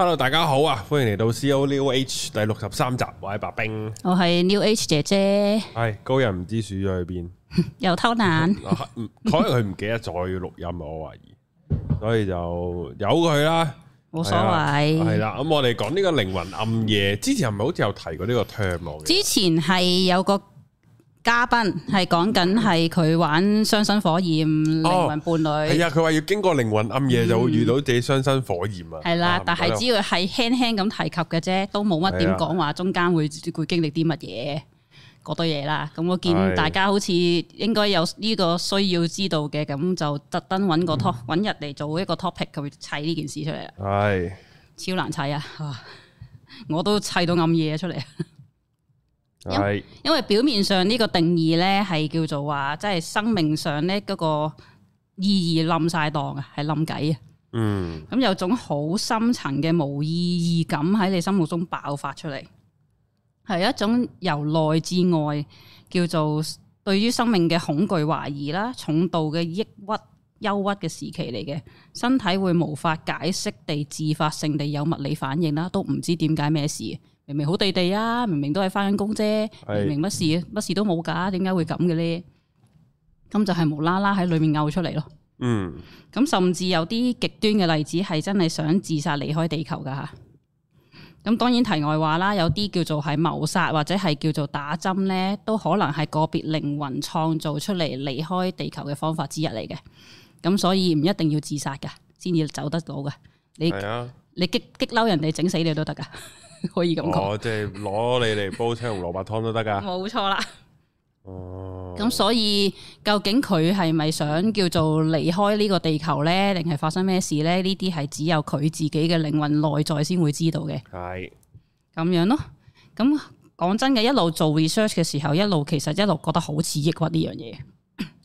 Hello，大家好啊！歡迎嚟到 CEO New Age 第六十三集，我係白兵，我係 New Age 姐姐，係高人唔知鼠咗去邊，又偷懶，可能佢唔記得再錄音，我懷疑，所以就由佢啦，冇所謂，係啦。咁我哋講呢個靈魂暗夜，之前係咪好似有提過呢個 term？之前係有個。嘉賓係講緊，係佢玩雙生火焰靈魂伴侶，係、哦、啊，佢話要經過靈魂暗夜就會遇到自己雙生火焰、嗯、啊。係、啊、啦，但係只要係輕輕咁提及嘅啫，都冇乜點講話中間會會經歷啲乜嘢嗰堆嘢啦。咁我見大家好似應該有呢個需要知道嘅，咁就特登揾個 top 揾日嚟做一個 topic 去砌呢件事出嚟是啊。係超難砌啊！我都砌到暗夜出嚟。因因為表面上呢個定義呢，係叫做話，即係生命上呢嗰個意義冧晒檔啊，係冧計啊，嗯，咁有種好深層嘅無意義感喺你心目中爆發出嚟，係一種由內至外叫做對於生命嘅恐懼懷疑啦，重度嘅抑鬱憂鬱嘅時期嚟嘅，身體會無法解釋地自發性地有物理反應啦，都唔知點解咩事。明明好地地啊，明明都係返緊工啫，是明明乜事乜事都冇噶，啊，點解會咁嘅咧？咁就係無啦啦喺裏面嘔出嚟咯。嗯，咁甚至有啲極端嘅例子係真係想自殺離開地球噶吓。咁當然題外話啦，有啲叫做係謀殺或者係叫做打針咧，都可能係個別靈魂創造出嚟離開地球嘅方法之一嚟嘅。咁所以唔一定要自殺噶，先至走得到噶。你係啊。你激激嬲人哋整死你都得噶，可以咁講。我即係攞你嚟煲青紅蘿蔔湯都得噶。冇錯啦。哦。咁所以究竟佢係咪想叫做離開呢個地球咧，定係發生咩事咧？呢啲係只有佢自己嘅靈魂內在先會知道嘅。係是。咁樣咯。咁講真嘅，一路做 research 嘅時候，一路其實一路覺得好似抑鬱呢樣嘢。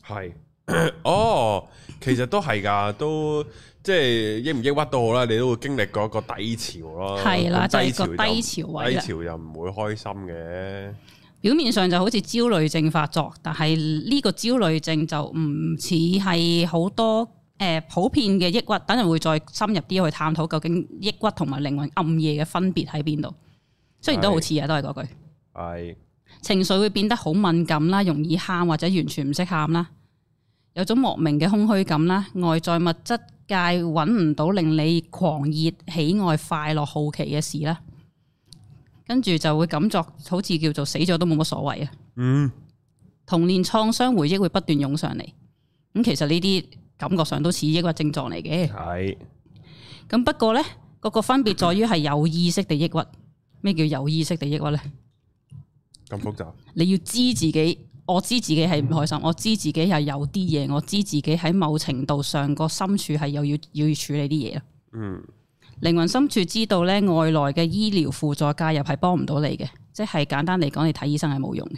係是。 哦，其實都係噶，都。即係抑唔抑鬱都好啦，你都會經歷過一個低潮咯。係啦，低潮位啦。低潮又唔會開心嘅。表面上就好似焦慮症發作，但係呢個焦慮症就唔似係好多誒、呃、普遍嘅抑鬱。等人會再深入啲去探討究竟抑鬱同埋靈魂暗夜嘅分別喺邊度。雖然都好似啊，的都係嗰句。係的情緒會變得好敏感啦，容易喊或者完全唔識喊啦，有種莫名嘅空虛感啦，外在物質界，揾唔到令你狂熱、喜愛、快樂、好奇嘅事啦，跟住就會感覺好似叫做死咗都冇乜所謂啊。嗯，童年創傷回憶會不斷湧上嚟，咁其實呢啲感覺上都似抑鬱症狀嚟嘅。係是，咁不過呢，個個分別在於係有意識地抑鬱。咩叫有意識地抑鬱呢？咁複雜，你要知自己。我知自己係唔開心，我知自己係有啲嘢，我知自己喺某程度上個深處係又要要處理啲嘢咯。嗯，靈魂深處知道咧，外來嘅醫療輔助介入係幫唔到你嘅，即係簡單嚟講，你睇醫生係冇用嘅。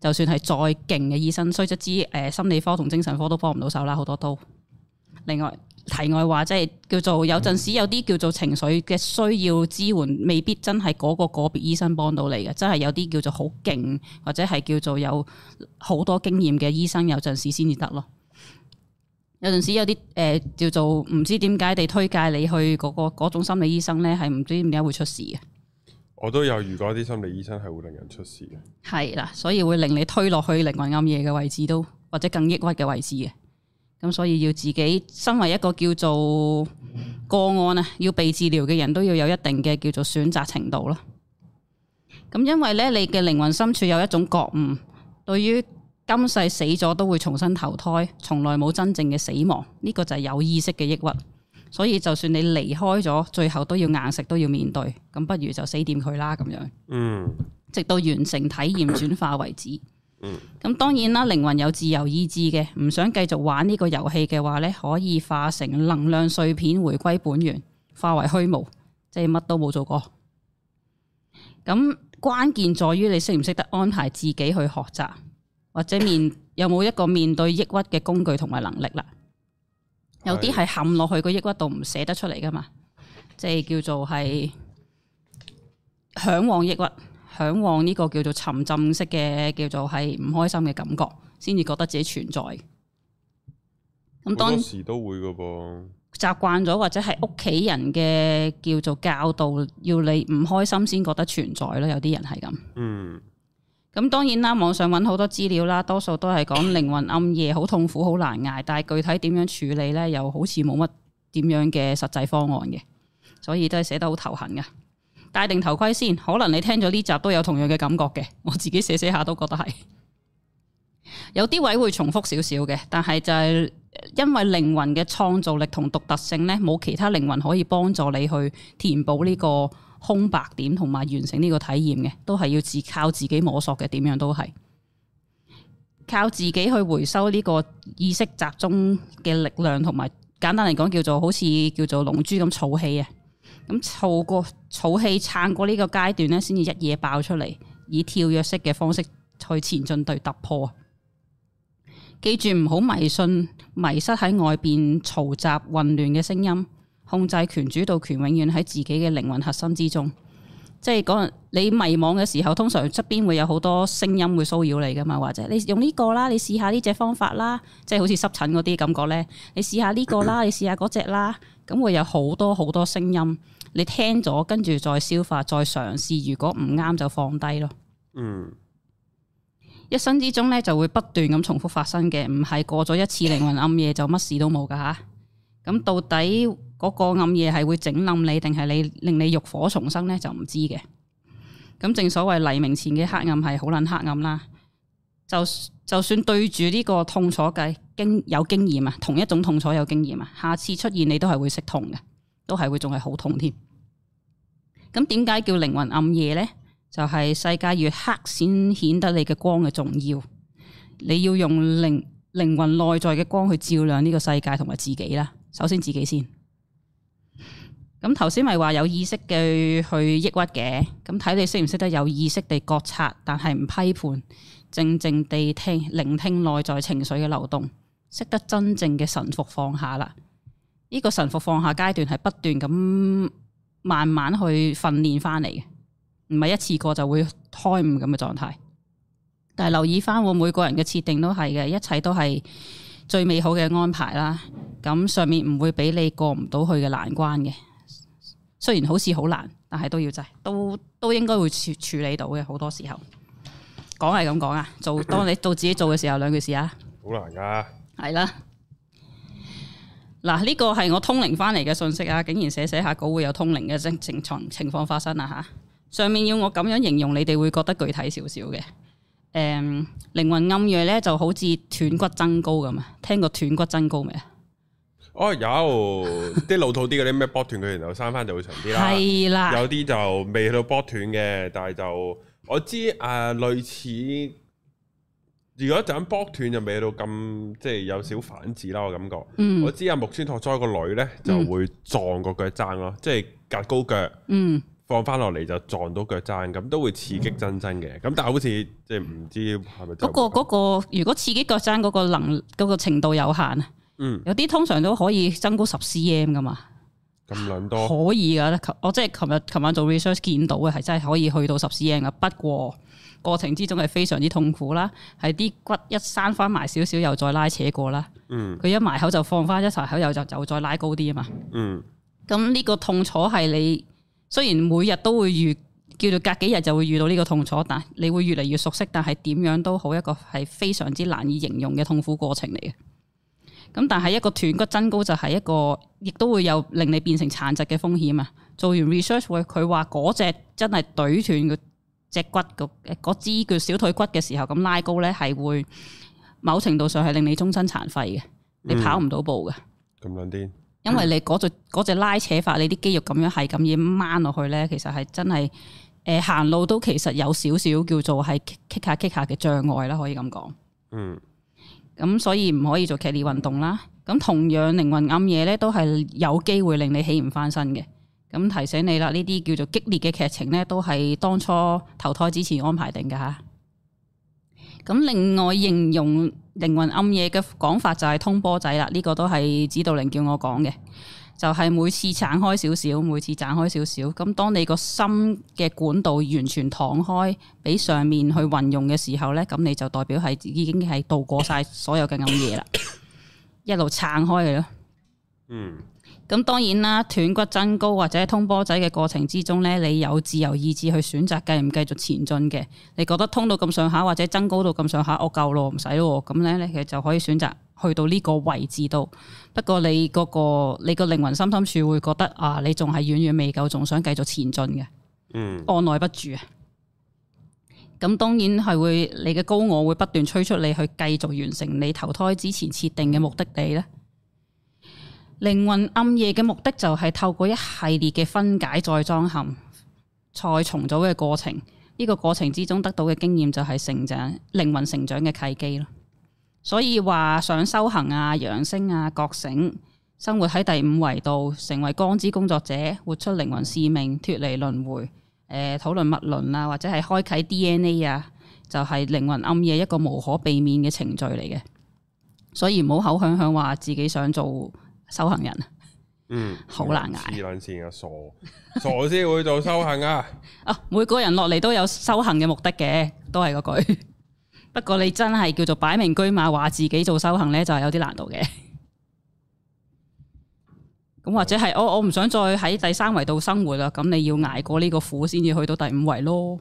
就算係再勁嘅醫生，雖則之誒心理科同精神科都幫唔到手啦，好多都。另外。題外話，即係叫做有陣時有啲叫做情緒嘅需要支援，未必真係嗰個個別醫生幫到你嘅。真係有啲叫做好勁，或者係叫做有好多經驗嘅醫生有，有陣時先至得咯。有陣時有啲誒叫做唔知點解地推介你去嗰、嗰個種心理醫生咧，係唔知點解會出事嘅。我都有遇過啲心理醫生係會令人出事嘅。係啦，所以會令你推落去另外暗夜嘅位置都，或者更抑鬱嘅位置嘅。咁所以要自己身為一個叫做個案啊，要被治療嘅人都要有一定嘅叫做選擇程度咯。咁因為咧，你嘅靈魂深處有一種覺悟，對於今世死咗都會重新投胎，從來冇真正嘅死亡。呢個就係有意識嘅抑鬱。所以就算你離開咗，最後都要硬食都要面對。咁不如就死掂佢啦，咁樣。嗯，直到完成體驗轉化為止。咁、嗯、當然啦，靈魂有自由意志嘅，唔想繼續玩呢個遊戲嘅話呢，可以化成能量碎片回歸本源，化為虛無，即係乜都冇做過。咁關鍵在於你識唔識得安排自己去學習，或者面 有冇一個面對抑鬱嘅工具同埋能力啦。有啲係陷落去個抑鬱度唔捨得出嚟噶嘛，即係叫做係向往抑鬱。嚮往呢個叫做沉浸式嘅，叫做係唔開心嘅感覺，先至覺得自己存在。咁當時都會噶噃習慣咗或者係屋企人嘅叫做教導，要你唔開心先覺得存在咯。有啲人係咁。嗯，咁當然啦，網上揾好多資料啦，多數都係講靈魂暗夜好痛苦好難捱，但係具體點樣處理咧，又好似冇乜點樣嘅實際方案嘅，所以都係寫得好頭痕噶。戴定頭盔先，可能你聽咗呢集都有同樣嘅感覺嘅。我自己寫寫下都覺得係， 有啲位會重複少少嘅，但係就係因為靈魂嘅創造力同獨特性咧，冇其他靈魂可以幫助你去填補呢個空白點同埋完成呢個體驗嘅，都係要自靠自己摸索嘅，點樣都係靠自己去回收呢個意識集中嘅力量同埋，簡單嚟講叫做好似叫做龍珠咁儲氣啊！咁嘈過、嘈氣撐過呢個階段咧，先至一夜爆出嚟，以跳躍式嘅方式去前進、對突破。記住唔好迷信、迷失喺外邊嘈雜混亂嘅聲音，控制權、主導權永遠喺自己嘅靈魂核心之中。即係講你迷茫嘅時候，通常側邊會有好多聲音會騷擾你噶嘛，或者你用呢個啦，你試下呢隻方法啦，即係好似濕疹嗰啲感覺咧，你試下呢個啦，你試下嗰隻啦。 咁會有好多好多聲音，你聽咗跟住再消化，再嘗試，如果唔啱就放低咯。嗯，一生之中咧就會不斷咁重複發生嘅，唔係過咗一次靈魂暗夜就乜事都冇噶吓。咁到底嗰個暗夜係會整冧你，定係你令你浴火重生咧？就唔知嘅。咁正所謂黎明前嘅黑暗係好撚黑暗啦，就就算對住呢個痛楚計。經有經驗啊，同一種痛楚有經驗啊，下次出現你都係會識痛嘅，都係會仲係好痛添。咁點解叫靈魂暗夜咧？就係世界越黑，先顯得你嘅光嘅重要。你要用靈靈魂內在嘅光去照亮呢個世界同埋自己啦。首先自己先。咁頭先咪話有意識嘅去抑鬱嘅，咁睇你識唔識得有意識地覺察，但係唔批判，靜靜地聽聆聽內在情緒嘅流動。識得真正嘅臣服放下啦，呢、這個臣服放下階段係不斷咁慢慢去訓練翻嚟嘅，唔係一次過就會開悟咁嘅狀態。但係留意翻，每每個人嘅設定都係嘅，一切都係最美好嘅安排啦。咁上面唔會俾你過唔到去嘅難關嘅。雖然好似好難，但係都要制，都都應該會處處理到嘅。好多時候講係咁講啊，做當你到自己做嘅時候，兩件事啊，好難噶。係啦，嗱呢個係我通靈翻嚟嘅信息啊！竟然寫寫下稿會有通靈嘅情情情況發生啊吓！上面要我咁樣形容，你哋會覺得具體少少嘅。誒、嗯，靈魂暗夜咧就好似斷骨增高咁啊！聽過斷骨增高未啊？哦，有啲 老土啲嗰啲咩剝斷佢然後生翻就會長啲啦。係啦，有啲就未去到剝斷嘅，但係就我知誒、啊、類似。如果就咁剝斷就未到咁，即係有少反智啦。我感覺，嗯、我知阿木村拓哉個女咧就會撞個腳踭咯，嗯、即係隔高腳，放翻落嚟就撞到腳踭，咁都會刺激增增嘅。咁、嗯、但係好似即係唔知係咪、就係？嗰個嗰個如果刺激腳踭嗰個能嗰個程度有限啊，嗯、有啲通常都可以增高十 cm 噶嘛。咁多可以噶，我即係琴日、琴晚做 research、e、見到嘅係真係可以去到十 cm 嘅。不過過程之中係非常之痛苦啦，係啲骨一閂翻埋少少又再拉扯過啦。嗯，佢一埋口就放翻一齊口，又就就再拉高啲啊嘛。嗯，咁呢個痛楚係你雖然每日都會遇，叫做隔幾日就會遇到呢個痛楚，但係你會越嚟越熟悉。但係點樣都好，一個係非常之難以形容嘅痛苦過程嚟嘅。咁但係一個斷骨增高就係一個，亦都會有令你變成殘疾嘅風險啊！做完 research 會，佢話嗰隻真係懟斷個隻骨個支腳小腿骨嘅時候，咁拉高咧係會，某程度上係令你終身殘廢嘅，你跑唔到步嘅。咁樣啲？因為你嗰隻、嗯、隻拉扯法，你啲肌肉咁樣係咁樣掹落去咧，其實係真係，誒、呃、行路都其實有少少叫做係棘下棘下嘅障礙啦，可以咁講。嗯。咁所以唔可以做劇烈運動啦。咁同樣靈魂暗夜咧，都係有機會令你起唔翻身嘅。咁提醒你啦，呢啲叫做激烈嘅劇情咧，都係當初投胎之前安排定嘅吓。咁另外形容靈魂暗夜嘅講法就係通波仔啦，呢、這個都係指導靈叫我講嘅。就係每次撐開少少，每次撐開少少。咁當你個心嘅管道完全躺開，俾上面去運用嘅時候咧，咁你就代表係已經係度過晒所有嘅暗夜啦。 一路撐開嘅咯。嗯。咁當然啦，斷骨增高或者通波仔嘅過程之中咧，你有自由意志去選擇繼唔繼續前進嘅。你覺得通到咁上下或者增高到咁上下，我、哦、夠咯，唔使咯。咁咧，你其實就可以選擇。去到呢個位置度，不過你嗰、那個你個靈魂深深處會覺得啊，你仲係遠遠未夠，仲想繼續前進嘅，按捺不住啊。咁、嗯、當然係會你嘅高我，會不斷催促你去繼續完成你投胎之前設定嘅目的地咧。靈魂暗夜嘅目的就係透過一系列嘅分解再裝嵌再重組嘅過程，呢、這個過程之中得到嘅經驗就係成長靈魂成長嘅契機咯。所以話想修行啊、揚升啊、覺醒、生活喺第五維度、成為光之工作者、活出靈魂使命、脫離輪迴、誒討論物論啦、啊，或者係開啟 DNA 啊，就係、是、靈魂暗夜一個無可避免嘅程序嚟嘅。所以唔好口響響話自己想做修行人、啊，嗯，好難捱、啊，黐卵、嗯啊、線啊，傻 傻先會做修行啊。 啊，每個人落嚟都有修行嘅目的嘅，都係嗰句。不過你真係叫做擺明車馬話自己做修行咧，就係有啲難度嘅。咁 或者係、哦、我我唔想再喺第三維度生活啦。咁你要挨過呢個苦先至去到第五維咯。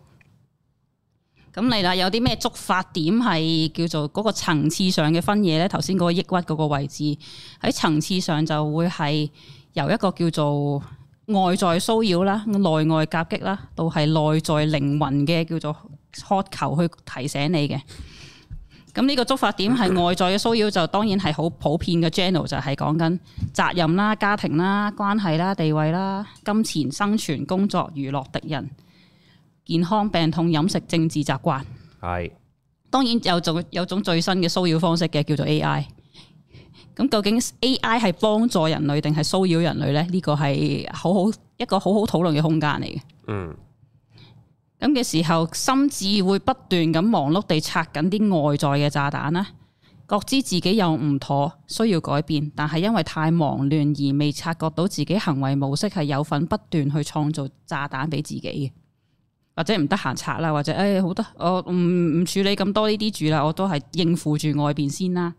咁你啦，有啲咩觸發點係叫做嗰個層次上嘅分野呢？頭先嗰個抑鬱嗰個位置喺層次上就會係由一個叫做外在騷擾啦、內外夾擊啦，到係內在靈魂嘅叫做。渴求去提醒你嘅，咁呢個觸發點係外在嘅騷擾， 就當然係好普遍嘅。General 就係講緊責任啦、家庭啦、關係啦、地位啦、金錢、生存、工作、娛樂、敵人、健康、病痛、飲食、政治習慣、習慣是。係。當然有種有種最新嘅騷擾方式嘅叫做 AI。咁究竟 AI 係幫助人類定係騷擾人類呢？呢個係好好一個好好討論嘅空間嚟嘅。嗯。咁嘅時候，心智會不斷咁忙碌地拆緊啲外在嘅炸彈啦。覺知自，自己有唔妥，需要改變，但係因為太忙亂而未察覺到自己行為模式係有份不斷去創造炸彈俾自己嘅，或者唔得閒拆啦，或者誒、哎，好得我唔唔處理咁多呢啲住啦，我都係應付住外邊先啦。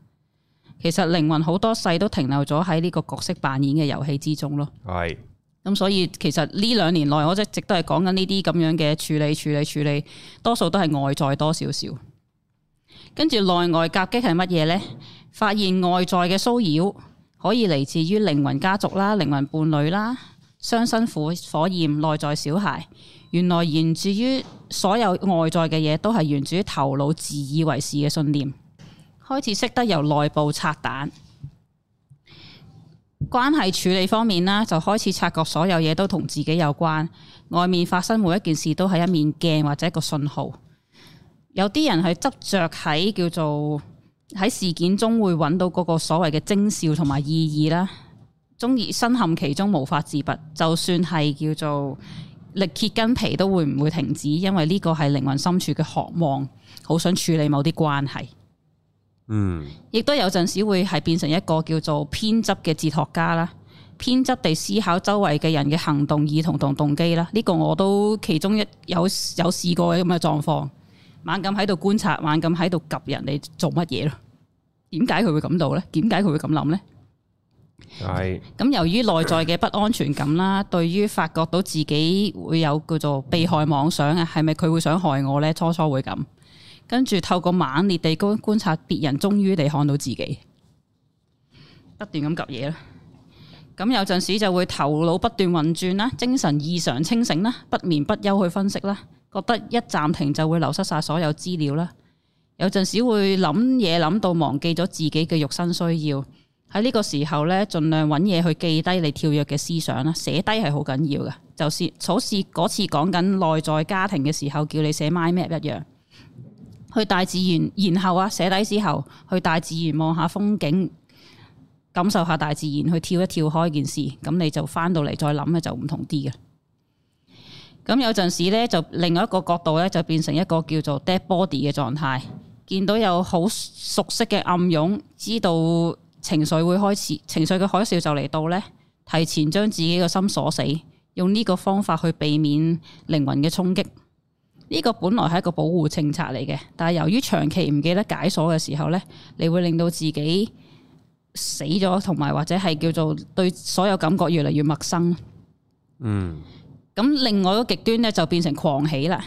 其實靈魂好多世都停留咗喺呢個角色扮演嘅遊戲之中咯。係。咁所以其實呢兩年內我一直都係講緊呢啲咁樣嘅處理處理處理，多數都係外在多少少。跟住內外夾擊係乜嘢呢？發現外在嘅騷擾可以嚟自於靈魂家族啦、靈魂伴侶啦、雙生火焰內在小孩。原來源自於所有外在嘅嘢都係源自於頭腦自以為是嘅信念，開始識得由內部拆彈。關係處理方面啦，就開始察覺所有嘢，都同自己有關。外面發生每一件事都係一面鏡或者一個信號。有啲人係執着喺叫做喺事件中會揾到嗰個所謂嘅徵兆、同埋意義啦，中意身陷其中無法自拔，就算係叫做力竭筋疲都會唔會停止，因為呢個係靈魂深處嘅渴望，好想處理某啲關係。嗯，亦都有陣時會係變成一個叫做偏執嘅哲學家啦，偏執地思考周圍嘅人嘅行動意圖同同動機啦。呢、這個我都其中一有有試過咁嘅狀況，猛咁喺度觀察，猛咁喺度睇人哋做乜嘢咯。點解佢會咁做呢？點解佢會咁諗呢？係咁是由於內在嘅不安全感啦， 對於發覺到自己會有叫做被害妄想啊，係咪佢會想害我呢？初初會咁。跟住透過猛烈地觀觀察別人，終於地看到自己，不斷咁及嘢啦。咁有陣時就會頭腦不斷運轉啦，精神異常清醒啦，不眠不休去分析啦，覺得一暫停就會流失晒所有資料啦。有陣時會諗嘢諗到忘記咗自己嘅肉身需要，喺呢個時候咧，盡量揾嘢去記低你跳躍嘅思想啦，寫低係好緊要噶。就是好似嗰次講緊內在家庭嘅時候，叫你寫 mind map 一樣。去大自然，然後啊，寫低之後去大自然望下風景，感受下大自然，去跳一跳開件事。咁你就翻到嚟再諗咧，就唔同啲嘅。咁有陣時咧，就另外一個角度咧，就變成一個叫做 dead body 嘅狀態。見到有好熟悉嘅暗湧，知道情緒會開始，情緒嘅海嘯就嚟到咧，提前將自己嘅心鎖死，用呢個方法去避免靈魂嘅衝擊。呢個本來係一個保護政策嚟嘅，但係由於長期唔記得解鎖嘅時候呢，你會令到自己死咗，同埋或者係叫做對所有感覺越嚟越陌生。嗯，咁另外一個極端咧就變成狂喜啦。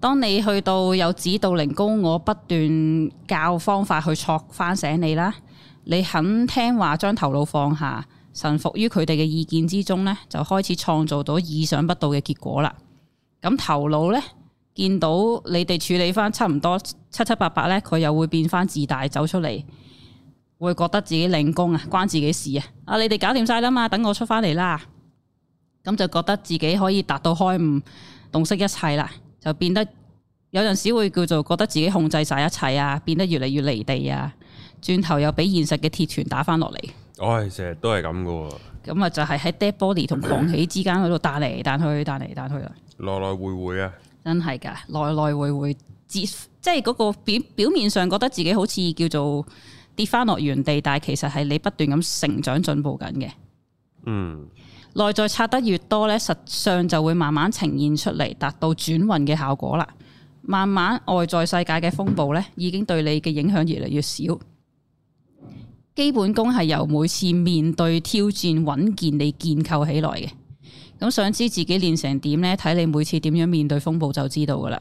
當你去到有指導靈工，我不斷教方法去戳翻醒你啦，你肯聽話，將頭腦放下，臣服於佢哋嘅意見之中呢，就開始創造到意想不到嘅結果啦。咁頭腦呢？見到你哋處理翻差唔多七七八八咧，佢又會變翻自大走出嚟，會覺得自己領功啊，關自己事啊！啊，你哋搞掂晒啦嘛，等我出翻嚟啦，咁就覺得自己可以達到開悟，洞悉一切啦，就變得有陣時會叫做覺得自己控制晒一切啊，變得越嚟越離地啊，轉頭又俾現實嘅鐵拳打翻落嚟。我唉、哦，成日都係咁嘅喎。咁啊，就係喺 dead body 同狂喜之間嗰度彈嚟彈， 彈，彈去，彈嚟彈去啦，來來回回啊。真係噶來來回回，即係嗰個表表面上覺得自己好似叫做跌翻落原地，但係其實係你不斷咁成長進步緊嘅。嗯，內在刷得越多呢，實相就會慢慢呈現出嚟，達到轉運嘅效果啦。慢慢外在世界嘅風暴呢，已經對你嘅影響越嚟越少。基本功係由每次面對挑戰穩健地建構起來嘅。咁想知自己練成點呢？睇你每次點樣面對風暴就知道噶啦。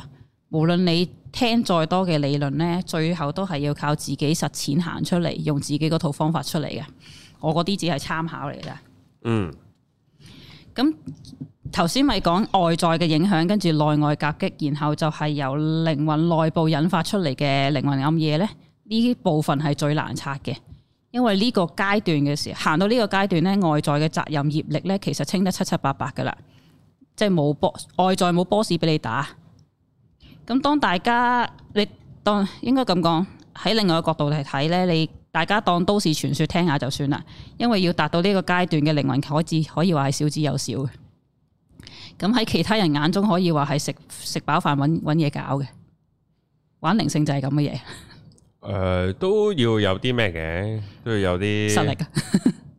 無論你聽再多嘅理論呢，最後都係要靠自己實踐行出嚟，用自己嗰套方法出嚟嘅。我嗰啲只係參考嚟嘅。嗯。咁頭先咪講外在嘅影響，跟住內外夾擊，然後就係由靈魂內部引發出嚟嘅靈魂暗夜呢？呢部分係最難拆嘅。因為呢個階段嘅時候，行到呢個階段咧，外在嘅責任業力咧，其實清得七七八八噶啦，即係冇波，外在冇 boss 俾你打。咁當大家你當應該咁講，喺另外個角度嚟睇咧，你大家當都市傳說聽下就算啦。因為要達到呢個階段嘅靈魂，可至可以話係少之又少嘅。咁喺其他人眼中，可以話係食食飽飯揾揾嘢搞嘅，玩靈性就係咁嘅嘢。誒、呃，都要有啲咩嘅，都要有啲實力。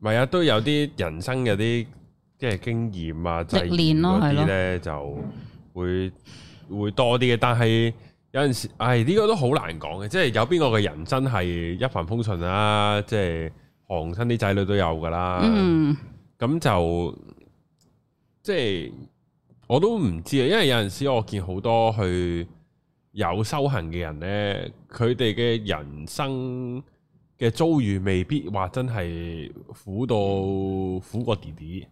唔係啊，都有啲人生有啲即係經驗啊，歷練咯，嗰啲呢就會會多啲嘅。但係有陣時，唉、哎，呢、這個都好難講嘅。即係有邊個嘅人生係一帆風順啦、啊，即係行生啲仔女都有噶啦。咁、嗯、就即係我都唔知啊，因為有陣時我見好多去。有修行嘅人咧，佢哋嘅人生嘅遭遇未必話真係苦到苦過弟弟，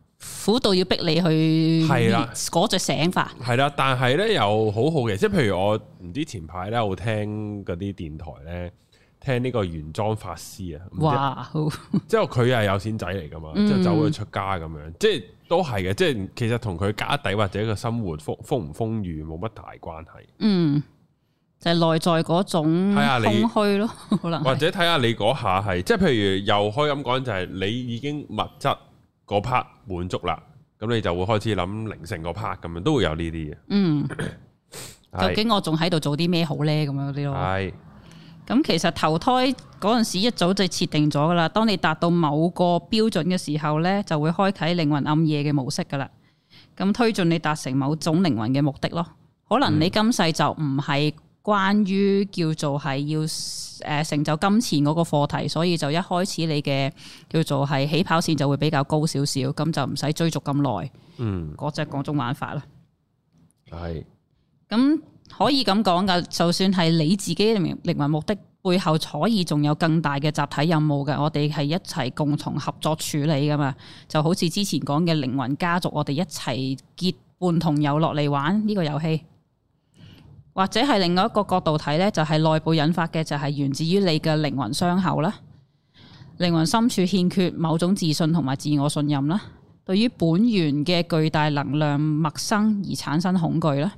苦到要逼你去係啦，改著醒法係啦。但係咧又好好嘅，即係譬如我唔知前排咧，我聽嗰啲電台咧，聽呢個原裝法師啊，哇！即係佢係有錢仔嚟噶嘛，即係走咗出家咁樣，即係都係嘅。即係其實同佢家底或者個生活豐豐唔豐裕冇乜大關係。嗯。就係內在嗰種看看空虛咯，可能或者睇下你嗰下係，即係譬如又開咁講就係你已經物質個 part 滿足啦，咁你就會開始諗靈性個 part，咁樣都會有呢啲嘅。嗯， 究竟我仲喺度做啲咩好呢？咁樣啲咯。係，咁其實投胎嗰陣時一早就設定咗噶啦，當你達到某個標準嘅時候呢，就會開啟靈魂暗夜嘅模式噶啦，咁推進你達成某種靈魂嘅目的咯。可能你今世就唔係。關於叫做係要誒成就金錢嗰個課題，所以就一開始你嘅叫做係起跑線就會比較高少少，咁就唔使追逐咁耐。嗯，嗰隻嗰種玩法啦，係咁是可以咁講噶。就算係你自己靈魂目的背後，可以仲有更大嘅集體任務嘅，我哋係一齊共同合作處理噶嘛。就好似之前講嘅靈魂家族，我哋一齊結伴同遊落嚟玩呢個遊戲。或者係另外一個角度睇呢，就係內部引發嘅，就係源自於你嘅靈魂傷口啦，靈魂深處欠缺某種自信同埋自我信任啦，對於本源嘅巨大能量陌生而產生恐懼啦，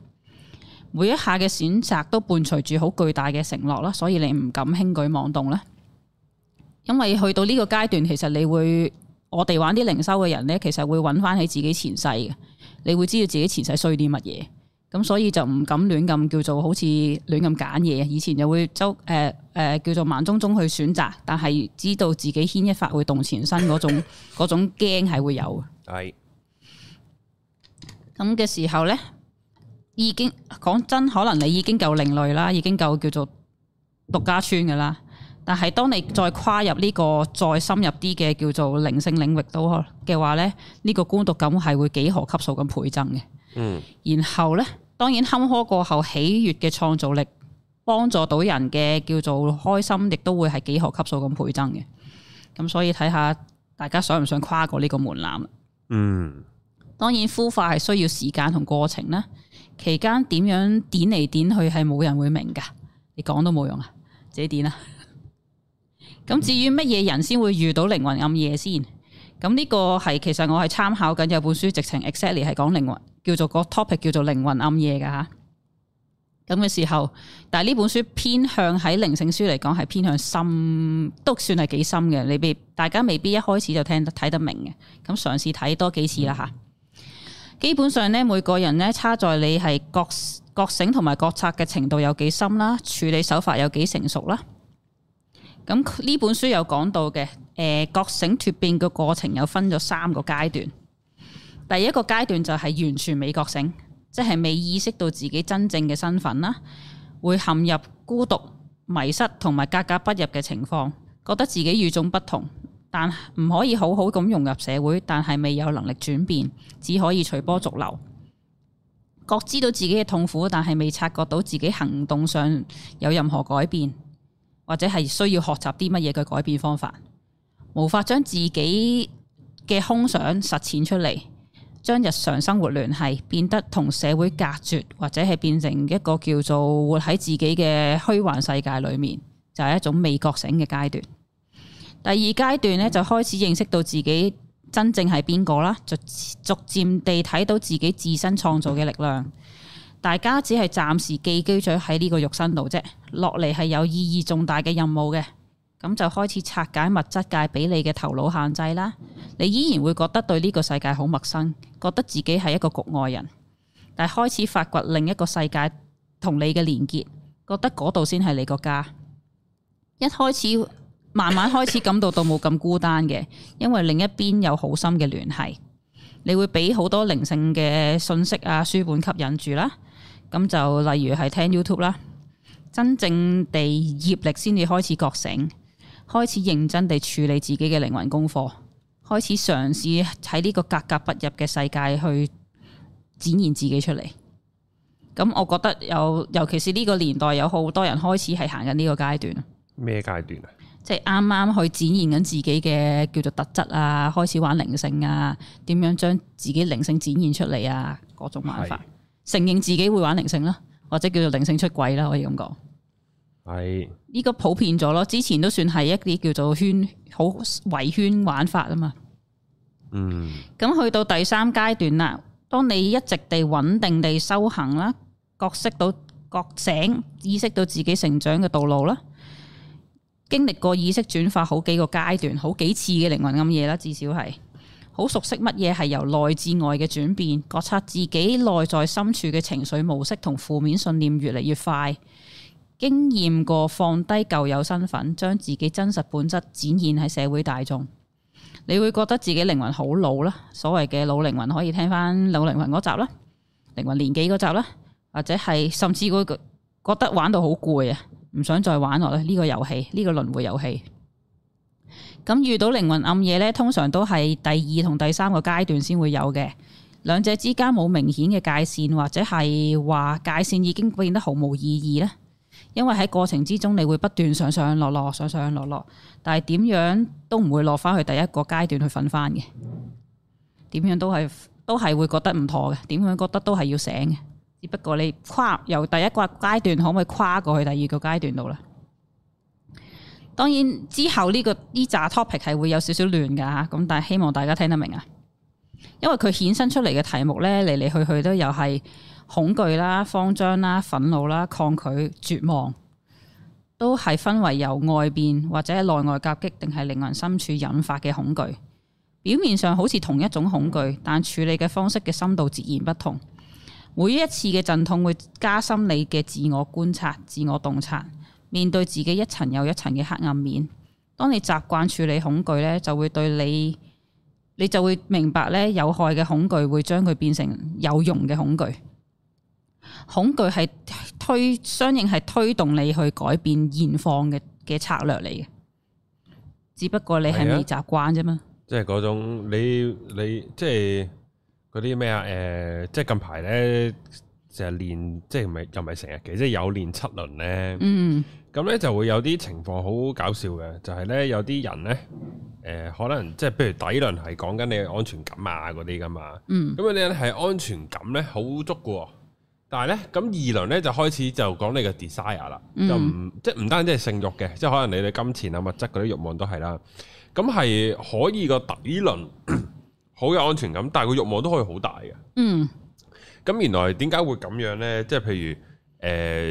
每一下嘅選擇都伴隨住好巨大嘅承諾啦，所以你唔敢輕舉妄動啦。因為去到呢個階段，其實你會我哋玩啲靈修嘅人呢，其實會揾翻起自己前世嘅，你會知道自己前世衰啲乜嘢。咁所以就唔敢亂咁叫做好似亂咁揀嘢。以前就會周誒誒、呃、叫做盲中中去選擇，但係知道自己牽一髮會動全身嗰種嗰 種驚係會有嘅。係。咁 嘅時候咧，已經講真，可能你已經夠另類啦，已經夠叫做獨家村嘅啦。但係當你再跨入呢個再深入啲嘅叫做靈性領域度嘅話咧，呢、這個孤獨感係會幾何級數咁倍增嘅。嗯，然後咧，當然坎坷過後喜悦嘅創造力幫助到人嘅叫做開心，亦都會係幾何級數咁倍增嘅。咁所以睇下大家想唔想跨過呢個門檻啦？嗯，當然孵化係需要時間同過程啦。期間點樣點嚟，點去係冇人會明噶，你講都冇用啊，自己點啦。咁 至於乜嘢人先會遇到靈魂暗夜先？咁呢個係其實我係參考緊有本書直情 exactly 係講靈魂。叫做個 topic 叫做靈魂暗夜嘅吓，咁、啊、嘅時候，但係呢本書偏向喺靈性書嚟講，係偏向深，都算係幾深嘅。你未大家未必一開始就聽得睇得明嘅，咁嘗試睇多幾次啦吓、啊。基本上呢，每個人呢，差在你係覺，覺醒同埋覺察嘅程度有幾深啦，處理手法有幾成熟啦。咁呢本書有講到嘅，誒、呃、覺醒蛻變嘅過程有分咗三個階段。第一個階段就係完全未覺醒，即係未意識到自己真正嘅身份啦，會陷入孤獨、迷失同埋格格不入嘅情況，覺得自己與眾不同，但唔可以好好咁融入社會，但係未有能力轉變，只可以隨波逐流。覺知到自己嘅痛苦，但係未察覺到自己行動上有任何改變，或者係需要學習啲乜嘢嘅改變方法，無法將自己嘅空想實踐出嚟。將日常生活聯繫變得同社會隔絕，或者係變成一個叫做活喺自己嘅虛幻世界裏面，就係一種未覺醒嘅階段。第二階段咧就開始認識到自己真正係邊個啦，逐逐漸地睇到自己自身創造嘅力量。大家只係暫時寄居咗喺呢個肉身度啫，落嚟係有意義重大嘅任務嘅。咁就開始拆解物質界俾你嘅頭腦限制啦。你依然會覺得對呢個世界好陌生，覺得自己係一個局外人。但係開始發掘另一個世界同你嘅連結，覺得嗰度先係你個家。一開始慢慢開始感到到冇咁孤單嘅，因為另一邊有好深嘅聯繫。你會俾好多靈性嘅信息啊書本吸引住啦。咁就例如係聽 YouTube 啦，真正地業力先至開始覺醒。開始認真地處理自己嘅靈魂功課，開始嘗試喺呢個格格不入嘅世界去展現自己出嚟。咁我覺得有，尤其是呢個年代有好多人開始係行緊呢個階段。咩階段啊？即係啱啱去展現緊自己嘅叫做特質啊，開始玩靈性啊，點樣將自己靈性展現出嚟啊，各種玩法，是承認自己會玩靈性啦、啊，或者叫做靈性出軌啦、啊，可以咁講。係呢個普遍咗咯，之前都算係一啲叫做圈好圍圈玩法啊嘛。嗯，咁去到第三階段啦，當你一直地穩定地修行啦，覺識到覺醒，意識到自己成長嘅道路啦，經歷過意識轉化好幾個階段，好幾次嘅靈魂暗夜啦，至少係好熟悉乜嘢係由內至外嘅轉變，覺察自己內在深處嘅情緒模式同負面信念越嚟越快。經驗過放低舊有身份，將自己真實本質展現喺社會大眾，你會覺得自己靈魂好老啦。所謂嘅老靈魂，可以聽翻老靈魂嗰集啦，靈魂年紀嗰集啦，或者係甚至會覺得玩到好攰啊，唔想再玩落啦呢個遊戲，呢個輪回遊戲。咁遇到靈魂暗夜呢，通常都係第二同第三個階段先會有嘅，兩者之間冇明顯嘅界線，或者係話界線已經變得毫無意義咧。因為喺過程之中，你會不斷上上落落，上上落落，但係點樣都唔會落翻去第一個階段去瞓翻嘅。點樣都係都係會覺得唔妥嘅，點樣覺得都係要醒嘅。只不過你跨由第一個階段可唔可以跨過去第二個階段度啦？當然之後呢、呢個呢揸 topic 係會有少少亂嘅嚇，咁但係希望大家聽得明啊，因為佢衍生出嚟嘅題目呢，嚟嚟去去都又係。恐懼啦、慌張啦、憤怒啦、抗拒、絕望，都係分為由外邊或者內外夾擊，定係靈魂深處引發嘅恐懼。表面上好似同一種恐懼，但處理嘅方式嘅深度截然不同。每一次嘅陣痛會加深你嘅自我觀察、自我洞察，面對自己一層又一層嘅黑暗面。當你習慣處理恐懼呢，就會對你，你就會明白呢有害嘅恐懼會將佢變成有用嘅恐懼。恐懼係推，相應係推動你去改變現況嘅嘅策略嚟嘅，只不過你係未習慣啫嘛。即係嗰種你你即係嗰啲咩啊？誒、呃，即係近排咧成日練，即係唔係又唔係成日嘅，即，即有練七輪咧。嗯，咁咧就會有啲情況好搞笑嘅，就係、是、咧有啲人咧，誒、呃，可能即係譬如底輪係講緊你嘅安全感啊嗰啲噶嘛。嗯，咁啊啲人係安全感咧好足嘅、哦。但係咧，咁二輪咧就開始就講你嘅 desire 啦，就唔、嗯、即係唔單止係性欲嘅，即係可能你哋金錢啊、物質嗰啲欲望都係啦。咁係可以個底輪 好有安全感，但係個欲望都可以好大嘅。嗯，咁原來點解會咁樣咧？即係譬如誒、呃，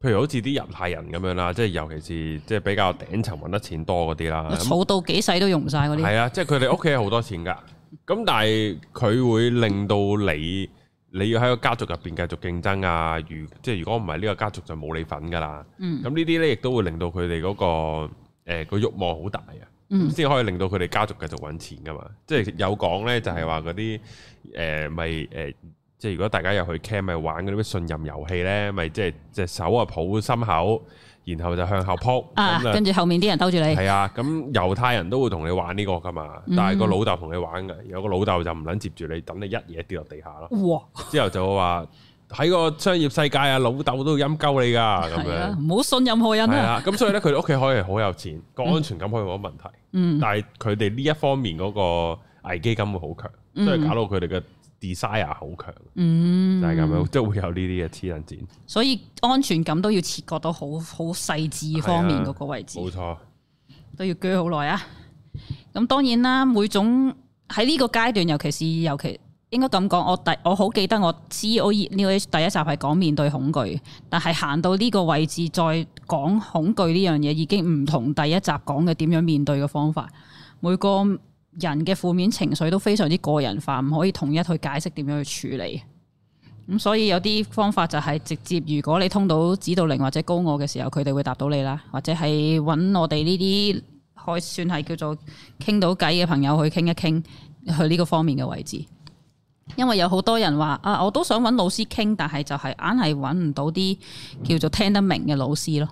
譬如好似啲猶太人咁樣啦，即係尤其是即係比較頂層揾得錢多嗰啲啦，儲到幾世都用唔晒嗰啲。係啊，即係佢哋屋企好多錢噶，咁但係佢會令到你。你要喺個家族入邊繼續競爭啊！如即係如果唔係呢個家族就冇你份㗎啦。咁、嗯、呢啲咧亦都會令到佢哋嗰個誒個、呃、慾望好大啊，先、嗯、可以令到佢哋家族繼續揾錢㗎嘛。即係有講咧，就係話嗰啲誒咪誒，即係如果大家又去 Cam 咪玩嗰啲咩信任遊戲咧，咪即係隻手啊抱心口。然後就向後撲、啊、樣跟住後面啲人兜住你係啊。咁猶太人都會同你玩呢個㗎嘛，嗯、但係個老豆同你玩㗎，有個老豆就唔撚接住你，等你一嘢跌落地下咯。哇之後就會話喺個商業世界啊，老豆都陰鳩你㗎咁、啊、樣，唔好信任何人啊。咁、啊、所以咧，佢哋屋企可以好有錢，個安全感可以冇問題，嗯嗯、但係佢哋呢一方面嗰個危機感會好強，所以搞到佢哋嘅 desire 好強，嗯、就係咁樣，都會有呢啲嘅挑戰，所以安全感都要切割到好好細緻方面嗰個位置，冇錯，都要鋸好耐啊。咁當然啦，每種喺呢個階段，尤其是尤其應該咁講，我第我好記得我 CEO New Age 第一集係講面對恐懼，但係行到呢個位置再講恐懼呢樣嘢，已經唔同第一集講嘅點樣面對嘅方法，每個人嘅負面情緒都非常之個人化，唔可以統一去解釋點樣去處理。咁、嗯、所以有啲方法就係直接，如果你通到指導靈或者高我嘅時候，佢哋會答到你啦。或者係揾我哋呢啲，可算係叫做傾到偈嘅朋友去傾一傾，去呢個方面嘅位置。因為有好多人話啊，我都想揾老師傾，但係就係硬係揾唔到啲叫做聽得明嘅老師咯。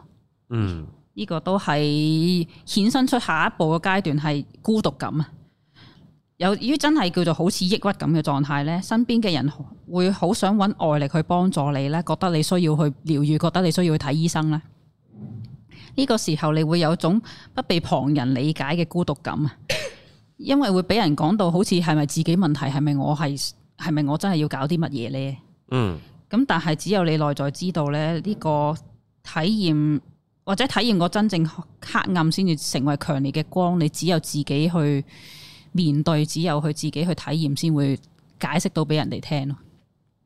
嗯，呢個都係衍生出下一步嘅階段係孤獨感啊。由於真係叫做好似抑鬱咁嘅狀態咧，身邊嘅人會好想揾外力去幫助你咧，覺得你需要去療愈，覺得你需要去睇醫生咧。呢個時候你會有種不被旁人理解嘅孤獨感啊，因為會俾人講到好似係咪自己問題，係咪我係係咪我真係要搞啲乜嘢咧？嗯。咁但係只有你內在知道咧，呢個體驗或者體驗過真正黑暗先至成為強烈嘅光，你只有自己去。面對只有佢自己去體驗，先會解釋到俾人哋聽咯。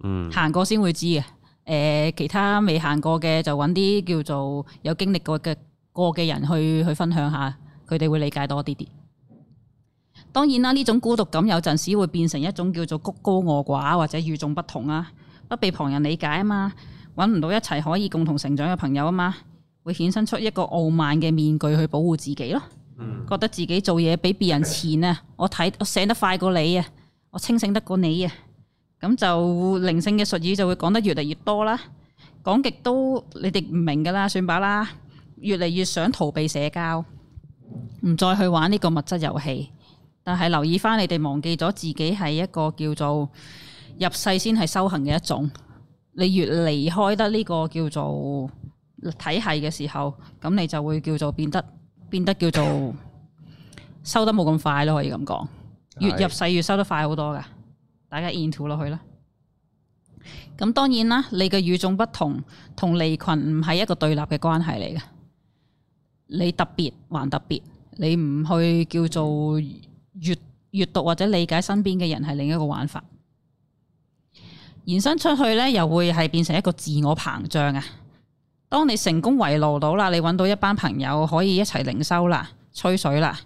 嗯，行過先會知嘅。誒、呃，其他未行過嘅就揾啲叫做有經歷過嘅過嘅人去去分享下，佢哋會理解多啲啲。當然啦，呢種孤獨感有陣時會變成一種叫做曲高和寡或者與眾不同啊，不被旁人理解啊嘛，揾唔到一齊可以共同成長嘅朋友啊嘛，會衍生出一個傲慢嘅面具去保護自己咯。嗯，覺得自己做嘢比別人前啊！我睇我醒得快過你啊，我清醒得過你啊，咁就靈性嘅術語就會講得越嚟越多啦。講極都你哋唔明噶啦，算把啦。越嚟越想逃避社交，唔再去玩呢個物質遊戲。但係留意翻，你哋忘記咗自己係一個叫做入世先係修行嘅一種。你越離開得呢個叫做體系嘅時候，咁你就會叫做變得。變得叫做收得冇咁快咯，可以咁講。越入世越收得快好多噶，大家 into 落去啦。咁當然啦，你嘅與眾不同同離群唔係一個對立嘅關係嚟嘅。你特別還特別，你唔去叫做閱閱讀或者理解身邊嘅人，係另一個玩法。延伸出去咧，又會係變成一個自我膨脹啊！當你成功圍爐到啦，你搵到一班朋友可以一齊靈修啦、吹水啦，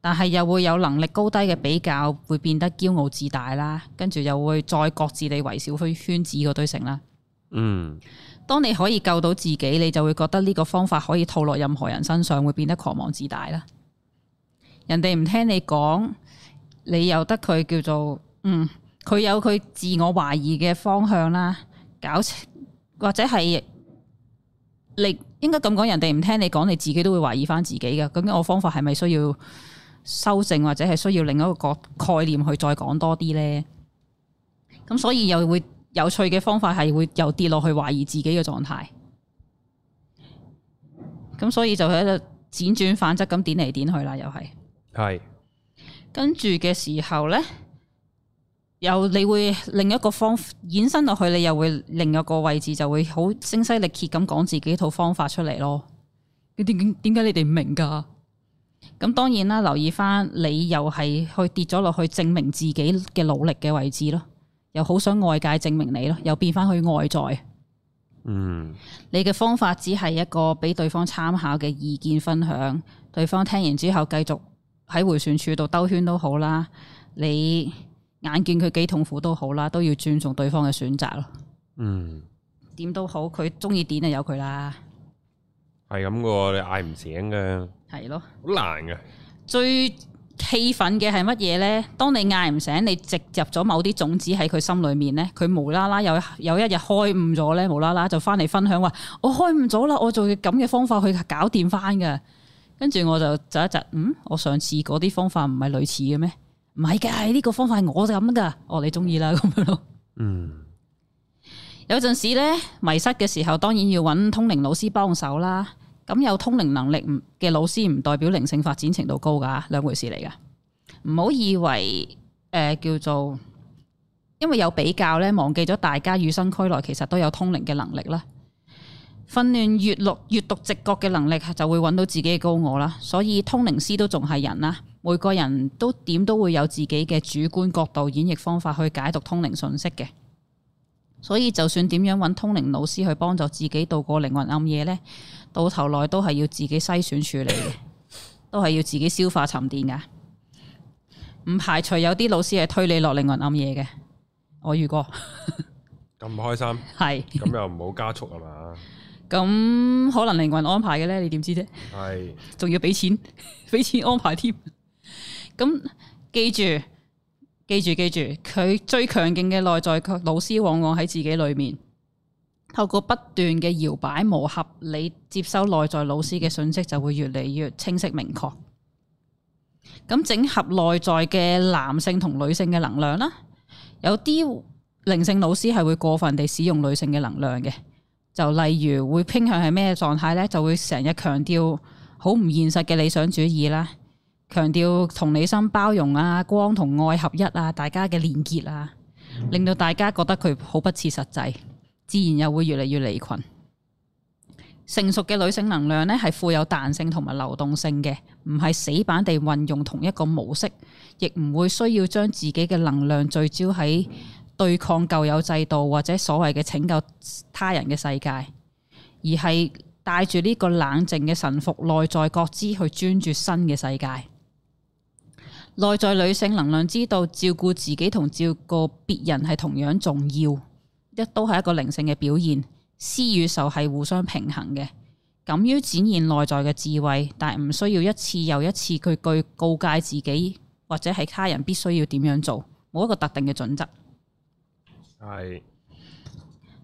但係又會有能力高低嘅比較，會變得驕傲自大啦，跟住又會再各自地圍小圈圈子嗰堆成啦。嗯，當你可以救到自己，你就會覺得呢個方法可以套落任何人身上，會變得狂妄自大啦。人哋唔聽你講，你由得佢叫做嗯，佢有佢自我懷疑嘅方向啦，搞或者係。你應該咁講，人哋唔聽你講，你自己都會懷疑翻自己嘅。究竟我方法係咪需要修正，或者係需要另一個概念去再講多啲呢？咁所以又會有趣嘅方法係會又跌落去懷疑自己嘅狀態。咁所以就喺度輾轉反側咁點嚟點去啦，又係。係是。跟住嘅時候呢。又你會另一個方衍生落去，你又會另一個位置，就會好聲嘶力竭咁講自己套方法出嚟咯。點點點解你哋唔明噶？咁當然啦，留意翻你又係去跌咗落去，證明自己嘅努力嘅位置咯。又好想外界證明你咯，又變翻去外在。嗯，你嘅方法只係一個俾對方參考嘅意見分享，對方聽完之後繼續喺回旋處度兜圈都好啦。你。眼見佢幾痛苦都好啦，都要尊重對方嘅選擇咯。嗯，點都好，佢中意點就由佢啦。係咁嘅，你嗌唔醒嘅。係咯，好難嘅。最氣憤嘅係乜嘢咧？當你嗌唔醒，你植入咗某啲種子喺佢心裏面咧，佢無啦啦有有一日開悟咗咧，無啦啦就翻嚟分享話：我開悟咗啦，我做要咁嘅方法去搞掂翻噶。跟住我就窒一窒，嗯，我上次嗰啲方法唔係類似嘅咩？唔係噶，呢、這個方法係我咁樣噶。哦，你中意啦咁樣咯。 嗯、有陣時呢，迷失嘅時候，當然要揾通靈老師幫手啦。咁有通靈能力嘅老師唔代表靈性發展程度高噶，兩回事嚟噶。唔好以為、呃、叫做，因為有比較呢，忘記咗大家與生俱來其實都有通靈嘅能力啦。訓練閱讀閱讀直覺嘅能力，就會揾到自己嘅高我啦。所以通靈師都仲係人啦。每個人都點都會有自己嘅主觀角度演繹方法去解讀通靈信息嘅，所以就算點樣揾通靈老師去幫助自己度過靈魂暗夜呢，到頭來都係要自己篩選處理嘅，都係要自己消化沉澱噶。唔排除有啲老師係推你落靈魂暗夜嘅，我遇過咁唔開心係，咁 是 又唔好加速係嘛？咁 可能靈魂安排嘅呢，你點知啫？係是，仲要俾錢俾錢安排添。咁記住，記住，記住，佢最強勁嘅內在老師往往喺自己裏面，透過不斷嘅搖擺磨合，你接收內在老師嘅訊息就會越嚟越清晰明確。咁整合內在嘅男性同女性嘅能量啦，有啲靈性老師係會過分地使用女性嘅能量嘅，就例如會傾向係咩狀態呢？就會成日強調好唔現實嘅理想主義啦。強調同理心、包容啊，光同愛合一啊，大家嘅連結啊，令到大家覺得佢好不切實際，自然又會越嚟越離群。成熟嘅女性能量呢，係富有彈性同埋流動性嘅，唔係死板地運用同一個模式，亦唔會需要將自己嘅能量聚焦喺對抗舊有制度或者所謂嘅拯救他人嘅世界，而係帶住呢個冷靜嘅臣服內在覺知去專注新嘅世界。內在女性能量知道照顧自己同照顧別人係同樣重要，亦都係一個靈性嘅表現。施與受係互相平衡嘅，敢於展現內在嘅智慧，但係唔需要一次又一次佢去告誡自己或者係他人必須要點樣做，冇一個特定嘅準則。係是，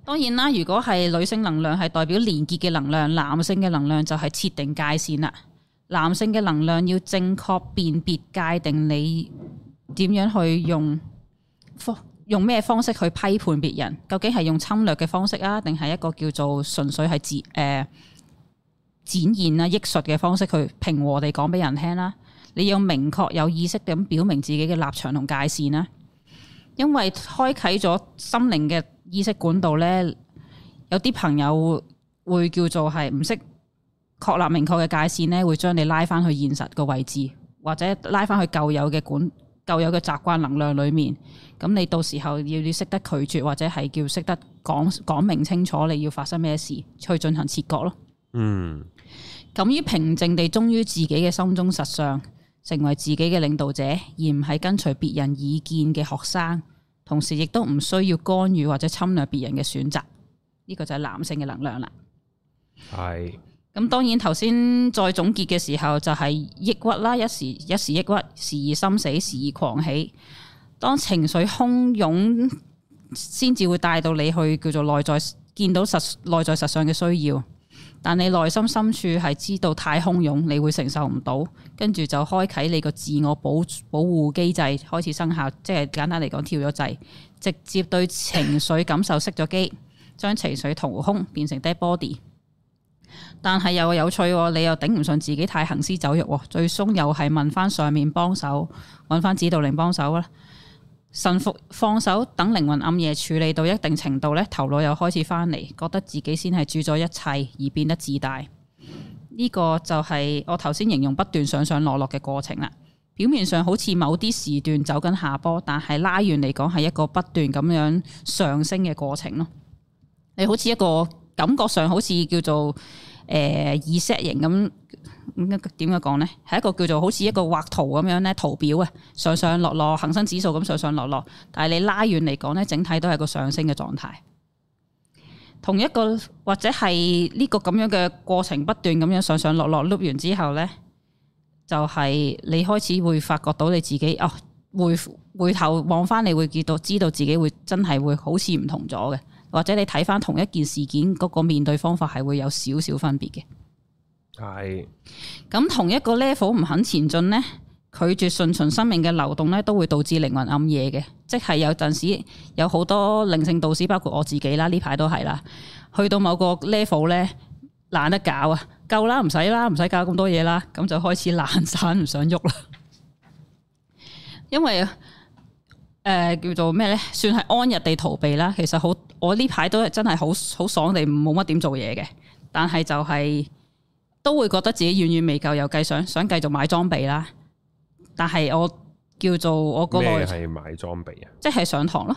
當然啦，如果係女性能量係代表連結嘅能量，男性嘅能量就係設定界線啦。男性嘅能量要正確辨別、界定你點樣去用方用咩方式去批判別人，究竟係用侵略嘅方式啊，定係一個叫做純粹係自誒、呃、展現啊、藝術嘅方式去平和地講俾人聽啦？你要明確有意識咁表明自己嘅立場同界線啦，因為開啟咗心靈嘅意識管道咧，有啲朋友會叫做係唔識。確立明確嘅界線咧，會將你拉翻去現實嘅位置，或者拉翻去舊有嘅管舊有嘅習慣能量裏面。咁你到時候要要識得拒絕，或者係叫識得講講明清楚你要發生咩事去進行切割咯。嗯，敢於平靜地忠於自己嘅心中實相，成為自己嘅領導者，而唔係跟隨別人意見嘅學生，同時亦都唔需要干預或者侵略別人嘅選擇。呢個就係男性嘅能量啦。係。咁當然頭先再總結嘅時候，就係、是、抑鬱啦，一時一時抑鬱，時而心死，時而狂喜。當情緒洶湧，先至會帶到你去叫做內在見到實內在實相嘅需要，但你內心深處係知道太洶湧，你會承受唔到，跟住就開啟你個自我保保護機制開始生效，即係簡單嚟講，跳咗掣，直接對情緒感受熄咗機，將情緒掏空，變成 dead body。但係又有趣，你又頂唔順自己太行屍走肉，最鬆又係問翻上面幫手，揾翻指導靈幫手啦。臣服放手，等靈魂暗夜處理到一定程度呢，頭腦又開始翻嚟，覺得自己先係住咗一切而變得自大。呢個就係我頭先形容不斷上上落落嘅過程啦。表面上好似某啲時段走緊下坡，但係拉遠嚟講係一個不斷咁樣上升嘅過程咯。你好似一個。感覺上好似叫做誒 S 型咁點樣講呢？係一個叫做好似一個畫圖咁樣咧，圖表啊，上上落落恒生指數咁上上落落，但係你拉遠嚟講咧，整體都係個上升嘅狀態。同一個或者係呢個咁樣嘅過程，不斷咁樣上上落落，碌完之後呢，就係、是、你開始會發覺到你自己哦，回回頭望翻你會見到知道自己會真係會好似唔同咗嘅。或者你睇翻同一件事件嗰個面對方法係會有少少分別嘅，係咁同一個 level 唔肯前進咧，拒絕順從生命嘅流動咧，都會導致靈魂暗夜嘅，即係有陣時有好多靈性導師，包括我自己啦，呢排都係啦，去到某個 level 咧，懶得搞啊，夠啦，唔使啦，唔使搞咁多嘢啦，咁就開始懶散，唔想喐啦，因為。誒、呃，叫做咩咧？算係安逸地逃避啦。其實好，我呢排都係真係好好爽地，冇乜點做嘢嘅。但係就係、是、都會覺得自己遠遠未夠，又繼想想繼續買裝備啦。但係我叫做我個係買裝備啊，即係上堂咯，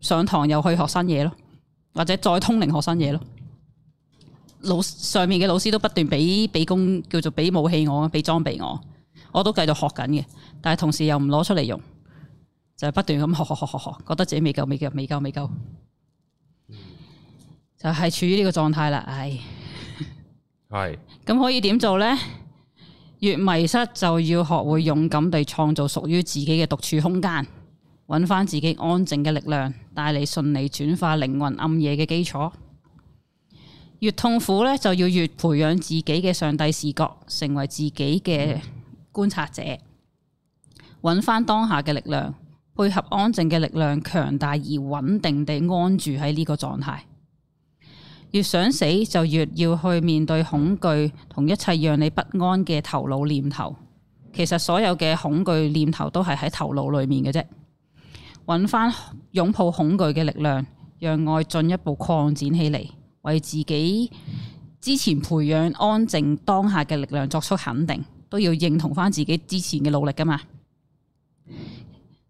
上堂又去學新嘢咯，或者再通靈學新嘢咯。老上面嘅老師都不斷俾俾工叫做俾武器我，俾裝備我，我都繼續學緊嘅。但係同時又唔攞出嚟用。就係不斷咁學學學學學，覺得自己未夠未夠未夠未夠，夠夠夠嗯、就係處於呢個狀態啦。唉，係咁是 可以點做咧？越迷失就要學會勇敢地創造屬於自己嘅獨處空間，揾返自己安靜嘅力量，帶嚟順利轉化靈魂暗夜嘅基礎。越痛苦咧，就要越培養自己嘅上帝視角，成為自己嘅觀察者，揾返、嗯、當下嘅力量。配合安靜嘅力量，強大而穩定地安住喺呢個狀態。越想死就越要去面對恐懼，同一切讓你不安嘅頭腦念頭。其實所有嘅恐懼念頭都係喺頭腦裏面嘅啫。揾翻擁抱恐懼嘅力量，讓愛進一步擴展起嚟，為自己之前培養安靜當下嘅力量作出肯定，都要認同翻自己之前嘅努力噶嘛。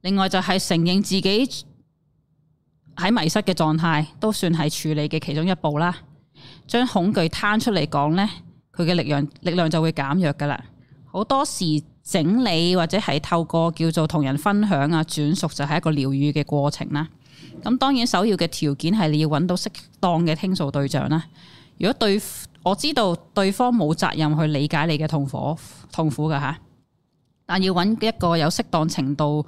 另外就係承認自己喺迷失嘅狀態，都算係處理嘅其中一步啦。將恐懼攤出嚟講呢，佢嘅力量力量就會減弱噶啦。好多時整理或者係透過叫做同人分享啊，轉述就係一個療癒嘅過程啦。咁當然首要嘅條件係你要揾到適當嘅傾訴對象啦。如果對，我知道對方冇責任去理解你嘅痛苦痛苦噶吓，但要揾一個有適當程度。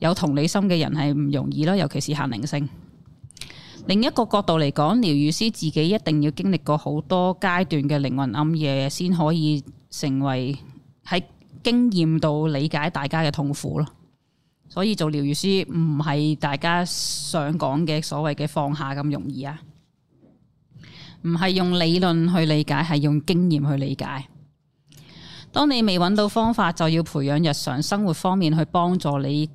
有同理心嘅人係唔容易咯，尤其是行靈性。另一個角度嚟講，療愈師自己一定要經歷過好多階段嘅靈魂暗夜，先可以成為喺經驗度理解大家嘅痛苦咯。所以做療愈師唔係大家想講嘅所謂嘅放下咁容易啊！唔係用理論去理解，係用經驗去理解。當你未揾到方法，就要培養日常生活方面去幫助你。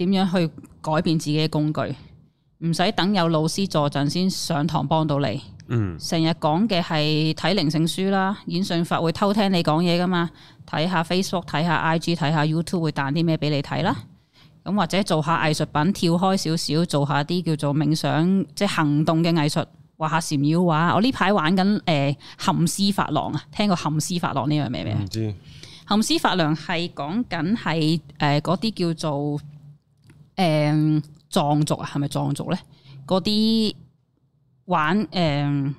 點樣去改變自己嘅工具？唔使等有老師坐陣先上堂幫到你。嗯，成日講嘅係睇靈性書啦，演算法會偷聽你講嘢噶嘛？睇下 Facebook，睇下 IG，睇下 YouTube 會彈啲咩俾你睇啦。咁、嗯、或者做下藝術品，跳開少少，做一下啲叫做冥想，即係行動嘅藝術，畫下禪妖畫。我呢排玩緊誒、呃、含絲發廊啊，聽過含絲發廊呢樣咩咩？唔知含絲發廊係講緊係誒嗰啲叫做。誒，藏、嗯、族係咪藏族咧？嗰啲玩誒、嗯，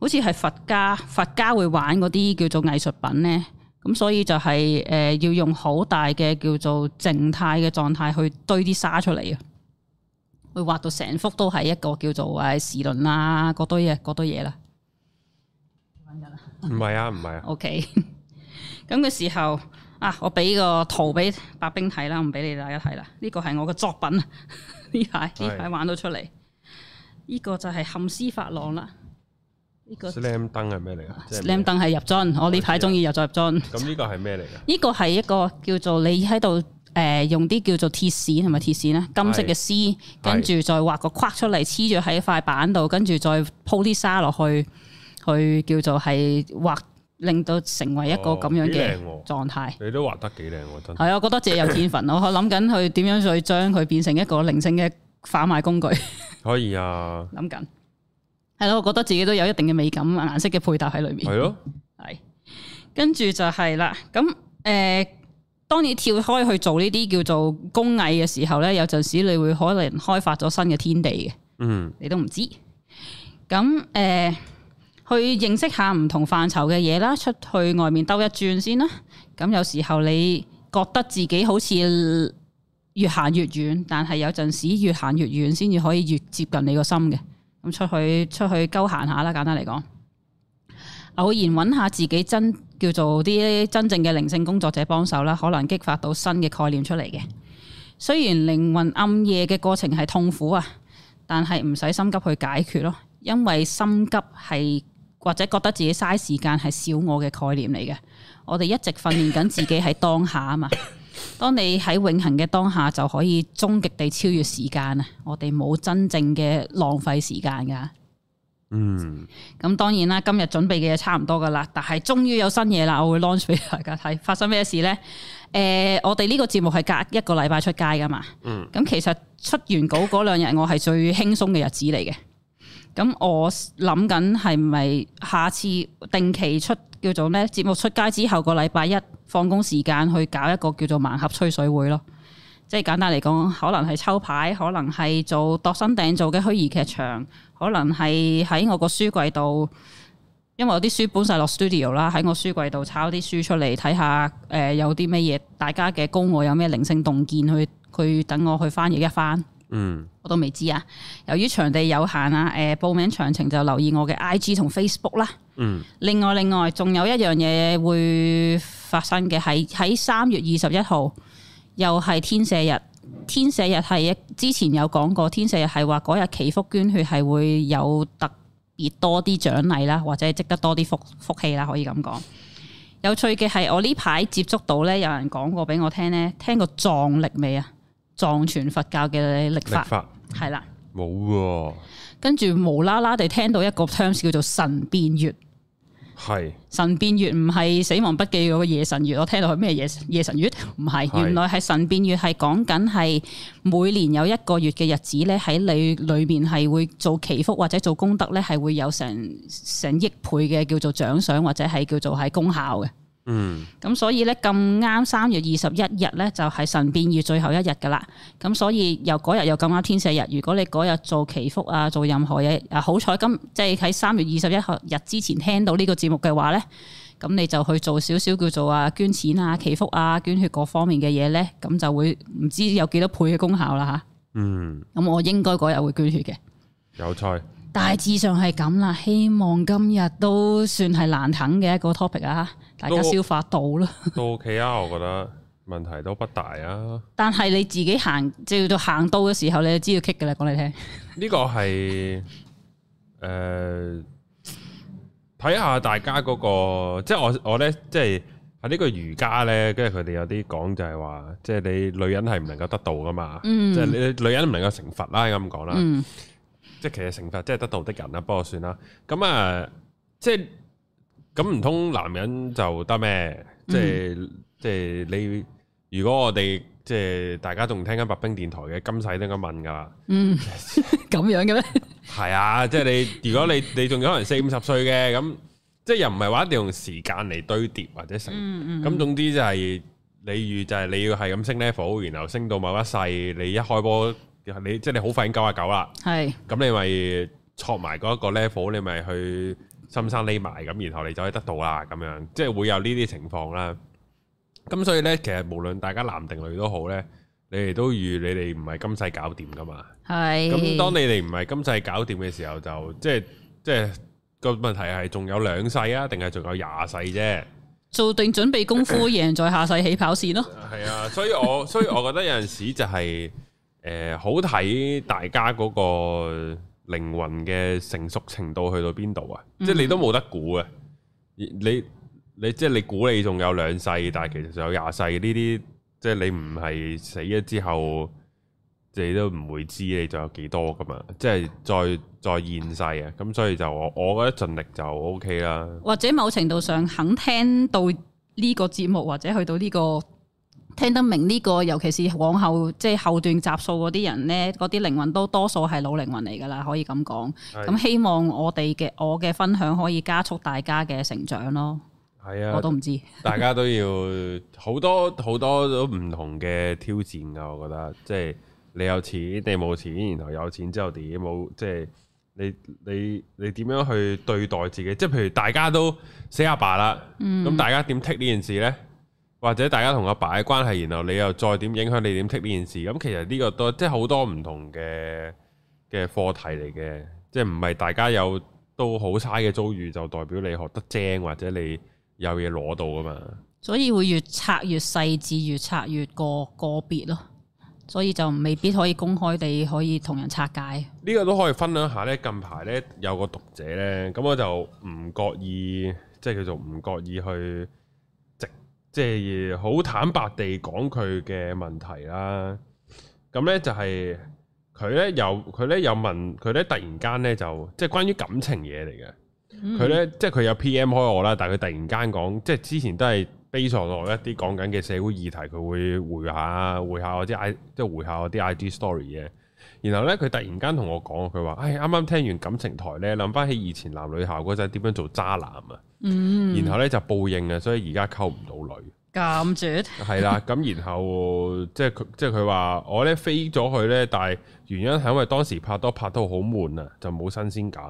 好似係佛家，佛家會玩嗰啲叫做藝術品咧。咁所以就係、是、誒、呃，要用好大嘅叫做靜態嘅狀態去堆啲沙出嚟啊！會畫到成幅都係一個叫做誒時輪啦，嗰堆嘢，嗰堆嘢啦。唔係啊，唔係啊。OK，咁嘅時候。啊！我俾個圖俾白冰睇啦，唔俾你大家睇啦。呢個係我嘅作品，呢排呢排玩到出嚟，呢、這個就係含絲法郎啦。呢、這個 slam 燈係咩嚟啊？slam 燈係入樽，我呢排中意入咗入樽。咁呢個係咩嚟噶？呢個係一個叫做你喺度誒用啲叫做鐵線係咪鐵線咧？金色嘅絲，跟住是再畫個框出嚟，黐住喺塊板度，跟住再鋪啲沙落去，去叫做係畫。令到成為一個咁樣嘅狀態。哦，你都畫得幾靚，我真係。係啊，我覺得自己有天分， 我諗緊去點樣去將佢變成一個靈性嘅販賣工具。可以啊，諗緊係咯，我覺得自己都有一定嘅美感，顏色嘅配搭喺裏面。係咯，啊，係。跟住就係、是啦，咁誒，呃，當你跳開去做呢啲叫做工藝嘅時候咧，有陣時你會可能開發咗新嘅天地嘅。嗯，你都唔知。咁誒。呃去認識下唔同範疇嘅嘢啦，出去外面兜一轉先啦。咁有時候你覺得自己好似越行越遠，但係有陣時越行越遠先至可以越接近你個心嘅。咁出去出去溝行下啦，簡單嚟講，偶然揾下自己真叫做啲真正嘅靈性工作者幫手啦，可能激發到新嘅概念出嚟嘅。雖然靈魂暗夜嘅過程係痛苦啊，但係唔使心急去解決咯，因為心急係。或者覺得自己嘥時間係小我嘅概念嚟嘅，我哋一直訓練緊自己喺當下啊嘛。當你喺永恆嘅當下，就可以終極地超越時間啊！我哋冇真正嘅浪費時間噶。嗯，咁當然啦，今日準備嘅嘢差唔多噶啦，但係終於有新嘢啦，我會 launch 俾大家睇。發生咩事呢？誒、呃，我哋呢個節目係隔一個禮拜出街噶嘛。嗯，咁其實出完稿嗰兩日，我係最輕鬆嘅日子嚟嘅。咁我諗緊係咪下次定期出叫做咩節目出街之後，個禮拜一放工時間去搞一個叫做盲盒吹水會咯。即係簡單嚟講，可能係抽牌，可能係做度身訂做嘅虛擬劇場，可能係喺我個書櫃度，因為我啲書本晒落 studio 啦，喺我書櫃度抄啲書出嚟睇下，誒、呃、有啲乜嘢，大家嘅高我有咩靈性洞見，去去等我去翻譯一翻。嗯，我都未知啊。由於場地有限啊，誒、呃，報名詳情就留意我嘅 IG 同 Facebook 啦。嗯。另外，另外，仲有一樣嘢會發生嘅係喺三月二十一號，又係天赦日。天赦日係一之前有講過，天赦日係話嗰日祈福捐血係會有特別多啲獎勵啦，或者積得多啲福福氣啦，可以咁講。有趣嘅係，我呢排接觸到咧，有人講過俾我聽咧，聽過壯力未啊？藏傳佛教嘅曆法係啦，冇跟住無啦啦地聽到一個 terms 叫做神變月，係是神變月唔係死亡筆記嗰個夜神月，我聽到佢咩夜夜神月？唔係，是原來係神變月，係講緊係每年有一個月嘅日子咧，喺你裏面係會做祈福或者做功德咧，係會有成成億倍嘅叫做獎賞或者係叫做係功效嘅。嗯，咁所以咧，咁啱三月二十一日咧就係神變月最後一日噶啦。咁所以又嗰日又咁啱天赦日。如果你嗰日做祈福啊，做任何嘢啊，好彩今即係喺三月二十一日之前聽到呢個節目嘅話咧，咁你就去做少少叫做啊，捐錢啊，祈福啊，捐血各方面嘅嘢咧，咁就會唔知有幾多倍嘅功效啦吓。嗯，咁我應該嗰日會捐血嘅，有才。大致上係咁啦。希望今日都算係難啃嘅一個 topic 啊。大家消化到啦，都 OK 啊，我覺得問題都不大啊。 但係你自己行，即就到行到嘅時候，你就知道棘嘅啦。講嚟聽，呢 個係誒睇下，大家嗰、那個，即係我我咧，即係喺呢個瑜伽咧，跟住佢哋有啲講就係話，即係你女人係唔能夠得道噶嘛，即係、嗯、你女人唔能夠成佛啦，咁講啦，嗯、即係其實成佛即係得道的人啦、啊，不過算啦。咁啊，即係。咁唔通男人就得咩？即係即係你，如果我哋即係大家仲聽緊白兵電台嘅今世都咁問㗎啦。嗯，咁樣嘅咩？係啊，即係你，如果你你仲有可能四五十歲嘅，咁即係又唔係話一定要用時間嚟堆疊或者成。嗯嗯。咁總之就係，例如就係你要係咁升 level，然後升到某一世，你一開波，你即係你好快已經九啊九啦。係。咁你咪錯埋嗰一個 level，你咪去。心生匿埋咁，然後你就可以得到啦，咁樣即係會有呢啲情況啦。咁所以呢，其實無論大家男定女都好呢，你哋都預你哋唔係今世搞掂㗎嘛。係是。咁當你哋唔係今世搞掂嘅時候，就即係即係個問題係仲有兩世啊，定係仲有廿世啫？做定準備功夫，贏在下世起跑線咯。係 啊，啊，所以我所以我覺得有陣時就係、是、誒、呃、好睇大家嗰、那個。靈魂嘅成熟程度去到邊度啊？嗯、即係你都冇得估啊。你你即係你估你仲有兩世，但係其實仲有廿世呢啲，即係你唔係死咗之後，你都唔會知你仲有幾多噶嘛。即係再再現世啊。咁，所以就我我覺得盡力就 OK 啦。或者某程度上肯聽到呢個節目，或者去到呢個。聽得明呢、這個，尤其是往後即係後段集數嗰啲人呢，嗰啲靈魂都多數係老靈魂嚟噶啦，可以咁講。咁、啊、希望我哋嘅我嘅分享可以加速大家嘅成長咯。係啊，我都唔知。大家都要好多好 多，多都唔同嘅挑戰噶，我覺得。即係你有錢定冇錢，然後有錢之後點冇？即係你你你點樣去對待自己？即係譬如大家都死阿爸啦，咁、嗯、大家點 take 呢件事呢？或者大家同阿爸嘅關係，然後你又再點影響你點剔呢件事？咁、嗯、其實呢個都即係好多唔同嘅嘅課題嚟嘅，即係唔係大家有都好差嘅遭遇就代表你學得精或者你有嘢攞到吖嘛？所以會越拆越細緻，越拆越個個別咯，所以就未必可以公開地可以同人拆解。呢個都可以分享下近呢近排呢有個讀者呢，咁我就唔覺意，即係叫做唔覺意去。即係好坦白地講佢嘅問題啦，咁呢就係、是、佢呢有佢呢有問佢呢突然間呢就即係關於感情嘢嚟嘅，佢、嗯、呢，即係佢有 PM 開我啦，但係佢突然間講即係之前都係 base 落一啲講緊嘅社會議題，佢會回下回下我啲 I 即係回下我啲 IG story 嘅，然後呢，佢突然間同我講佢話，唉，啱啱聽完感情台呢，諗翻起以前男女校嗰陣點樣做渣男啊！嗯，然後咧就報應啊，所以而家溝唔到女。咁絕。係啦，咁然後即係佢即係佢話我咧飛咗佢咧，但係原因係因為當時拍拖拍到好悶啊，就冇新鮮感。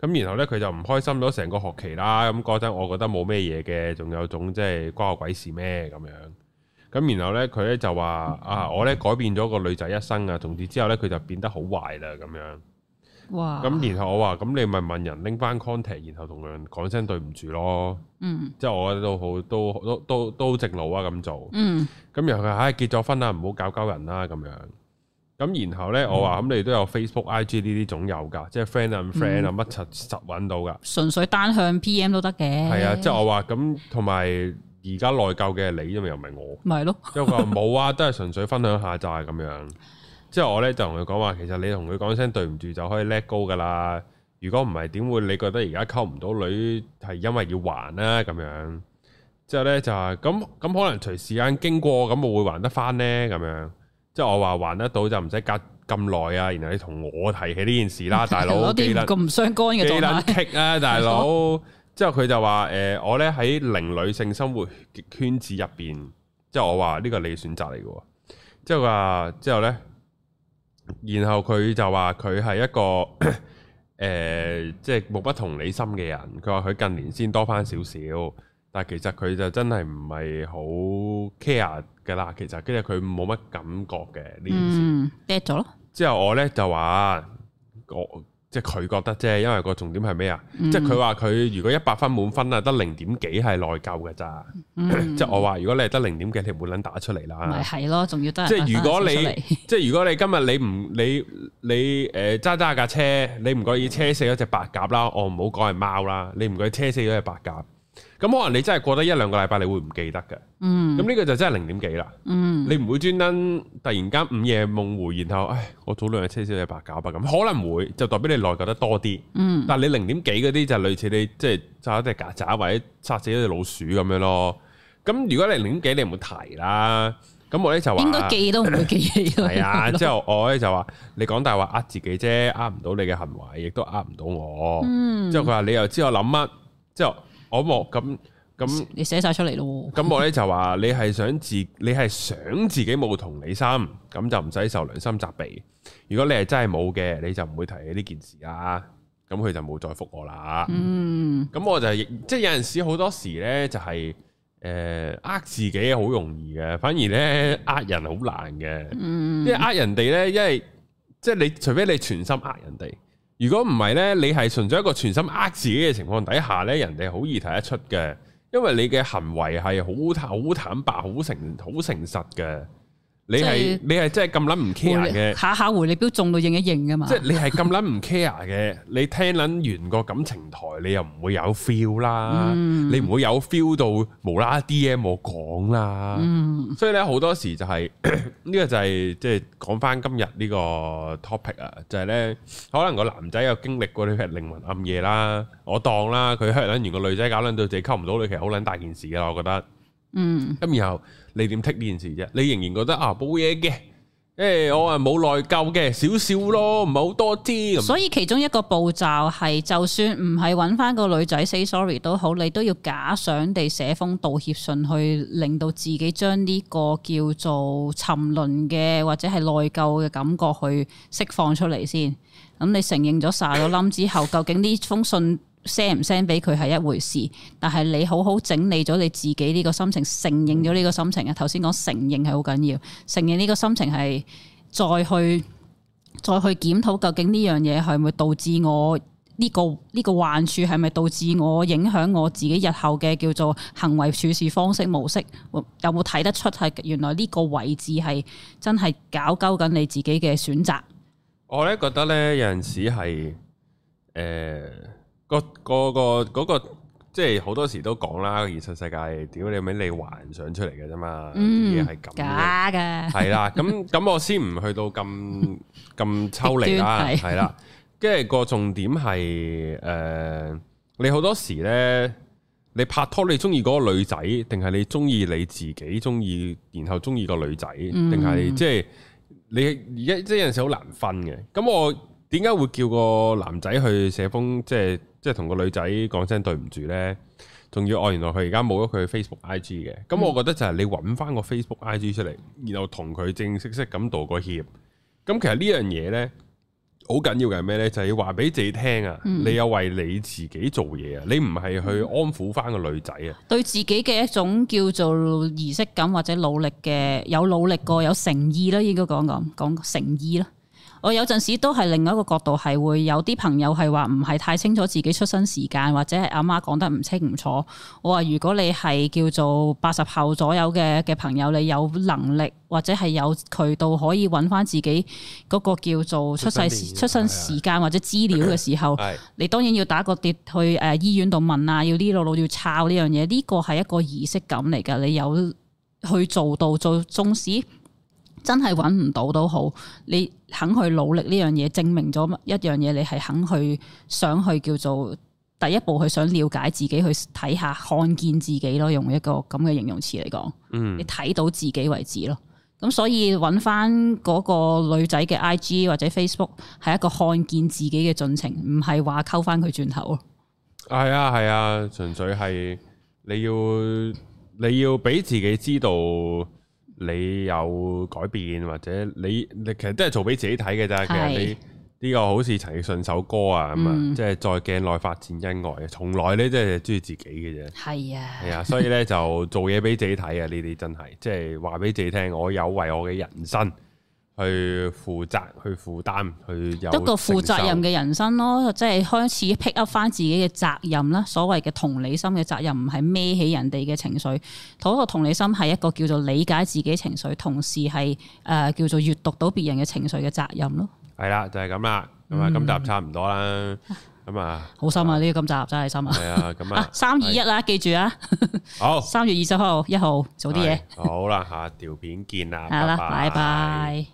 咁然後咧佢就唔開心咗成個學期啦。咁嗰陣我覺得冇咩嘢嘅，仲有種即係關我鬼事咩咁樣。咁然後咧佢咧就話 啊，我咧改變咗個女仔一生啊，從此之後咧佢就變得好壞啦咁樣。哇！咁然後我話：咁你咪問人拎翻 contact，然後同佢講聲對唔住咯。嗯，即係我覺得都好，都都都都好正路啊，咁做。嗯。咁然後佢唉結咗婚啦，唔好搞搞人啦，咁樣。咁然後咧，我話：咁你都有 Facebook、IG 呢啲總有㗎，即係 friend 啊、friend 啊，乜柒實揾到㗎。純粹單向 PM 都得嘅。係啊，即係我話咁，同埋而家內疚嘅係你，因為又唔係我。咪咯。即係佢話冇啊，都係純粹分享下就係咁樣。之後我咧就同佢講話，其實你同佢講聲對唔住就可以叻高噶啦。如果唔係點會你覺得而家溝唔到女係因為要還啦、啊、咁樣？之後咧就係咁咁可能隨時間經過咁我會還得翻呢。咁樣。即係我話還得到就唔使隔咁耐啊。然後你同我提起呢件事啦、啊，大佬。有啲咁唔相干嘅狀態。激啊，大佬！之後佢就話誒、呃，我咧喺零女性生活圈子入邊，即係我話呢個你選擇嚟嘅。之後話之後咧、啊。然後佢就話佢係一個誒、 呃，即係冇不同理心嘅人。佢話佢近年先多返少少，但係其實佢就真係唔係好 care 㗎喇。其實跟住佢冇乜感覺嘅呢件事。嗯 dead 咗之後我呢就話我。即係佢覺得啫，因為個重點係咩啊？即係佢話佢如果一百分滿分啊，得零點幾係內疚㗎咋？即係我話如果你係得零點幾，你唔會撚打出嚟啦。咪係咯，仲要得人即係如果你即係如果你今日你唔你你誒揸揸架車，你唔覺意車死咗隻白鴿啦，我唔好講係貓啦，你唔覺意車死咗隻白鴿。咁可能你真係過得一兩個禮拜，你會唔記得嘅。嗯，咁呢個就真係零點幾啦。嗯，你唔會專登突然間午夜夢回，然後唉，我早兩日車小又白搞白咁。可能會就代表你內疚得多啲。嗯，但係你零點幾嗰啲就類似你即係抓一隻曱甴或者殺死一隻老鼠咁樣咯。咁如果你零點幾，你唔會提啦。咁我咧就話應該記都唔會記係 啊，之後我咧就話你講大話呃自己啫，呃唔到你嘅行為，亦都呃唔到我。嗯，之後佢話你又知我諗乜，之後。我咁咁，你寫晒出嚟咯。咁我咧就話你係想自，你係想自己冇同理心，咁就唔使受良心責備。如果你係真係冇嘅，你就唔會提起呢件事啦。咁佢就冇再復我啦。嗯，咁我就即係有陣時好多時咧，就係、是、誒，呃自己好容易嘅，反而咧呃人好難嘅。嗯，即係呃人哋咧，因為即係你除非你全心呃人哋。如果唔係咧，你係純粹一個全心呃自己嘅情況底下咧，人哋好易睇得出嘅，因為你嘅行為係好好坦白、好誠好誠實嘅。你係你係真係咁撚唔 care 嘅，下下回你都中到應一應噶嘛？即係你係咁撚唔 care 嘅，你聽撚完個感情台，你又唔會有 feel 啦，你唔會有 feel 到無啦啲嘢我講啦。所以咧好多時就係呢個就係即係講翻今日呢個 topic 啊，就係咧可能個男仔有經歷過啲咩靈魂暗夜啦，我當啦，佢聽撚完個女仔搞撚到自己溝唔到女，其實好撚大件事噶，我覺得。嗯，咁然後。你點剔呢件事啫？你仍然覺得啊，冇嘢嘅，誒、欸，我係冇內疚嘅，少少咯，唔係好多啲。所以其中一個步驟係，就算唔係揾翻個女仔 say sorry 都好，你都要假想地寫封道歉信去令到自己將呢個叫做沉淪嘅或者係內疚嘅感覺去釋放出嚟先。咁你承認咗晒咗冧之後，究竟呢封信，send 唔 send 俾佢係一回事，但係你好好整理咗你自己呢個心情，承認咗呢個心情啊！頭先講承認係好緊要，承認呢個心情係再去再去檢討，究竟呢樣嘢係咪導致我呢、這個呢、這個患處係咪導致我影響我自己日後嘅叫做行為處事方式模式？有冇睇得出係原來呢個位置係真係搞鳩緊你自己嘅選擇？我咧覺得咧有陣時係誒。欸那個、那個、那個嗰個即係好多時都講啦，現實世界屌你咩？你幻想出嚟嘅啫嘛，嘢係、嗯、假嘅的。係啦，咁咁我先唔去到咁咁 抽離啦，係啦。跟住個重點係誒、呃，你好多時咧，你拍拖你中意嗰個女仔，定係你中意你自己中意，然後中意個女仔，定係、嗯、即係你而家即係有陣時好難分嘅。咁我點解會叫個男仔去寫封即係？即係同個女仔講聲對唔住咧，仲要哦，原來佢而家冇咗佢 Facebook IG 嘅，咁、嗯、我覺得就係你揾翻個 Facebook IG 出嚟，然後同佢正式式咁道個歉。咁、嗯、其實呢樣嘢咧，好緊要嘅係咩咧？就係、是、要話俾自己聽啊，嗯、你有為你自己做嘢啊，你唔係去安撫翻個女仔啊，對自己嘅一種叫做儀式感或者努力嘅，有努力過，有誠意啦，應該講講講誠意啦。我有陣時都係另外一個角度，係會有啲朋友係話唔係太清楚自己出生時間，或者阿媽講得唔清唔楚。我話如果你係叫做八十後左右嘅嘅朋友，你有能力或者係有渠道可以揾翻自己嗰個叫做出世出生時間或者資料嘅時候，對對對你當然要打個碟去誒醫院度問啊，要啲老老要抄呢樣嘢。呢個係一個儀式感嚟㗎，你有去做到做中，縱使。真係揾唔到都好，你肯去努力呢樣嘢，證明咗一樣嘢，你係肯去想去叫做第一步，去想了解自己，去睇下看見自己咯，用一個咁嘅形容詞嚟講，你睇到自己為止咯。咁、嗯、所以揾翻嗰個女仔嘅 IG 或者 Facebook 係一個看見自己嘅進程，唔係話溝翻佢轉頭咯。係啊係啊，純、啊啊、粹係你要你要俾自己知道。你有改變，或者你你其實都係做俾自己睇嘅咋，是其實你呢個好似陳奕迅首歌啊咁啊，嗯、即係在鏡內發展恩愛，從來咧，即係中意自己嘅啫。係啊，係啊，所以咧就做嘢俾自己睇啊，呢啲真係 即係話俾自己聽，我有為我嘅人生。去負責，去負擔，去有一個負責任嘅人生咯，即係開始 pick up 翻自己嘅責任啦。所謂嘅同理心嘅責任，唔係孭起人哋嘅情緒。同一個同理心係一個叫做理解自己情緒，同時係誒、呃、叫做閲讀到別人嘅情緒嘅責任咯。係啦，就係咁啦，咁、嗯、啊，啊，今集差唔多啦，咁啊，好深啊，呢個今集真係深啊，係啊，咁啊是，三二一啦，記住啊，好，三月二十號，一號做啲嘢，好啦，下條片見啦，拜拜。拜拜。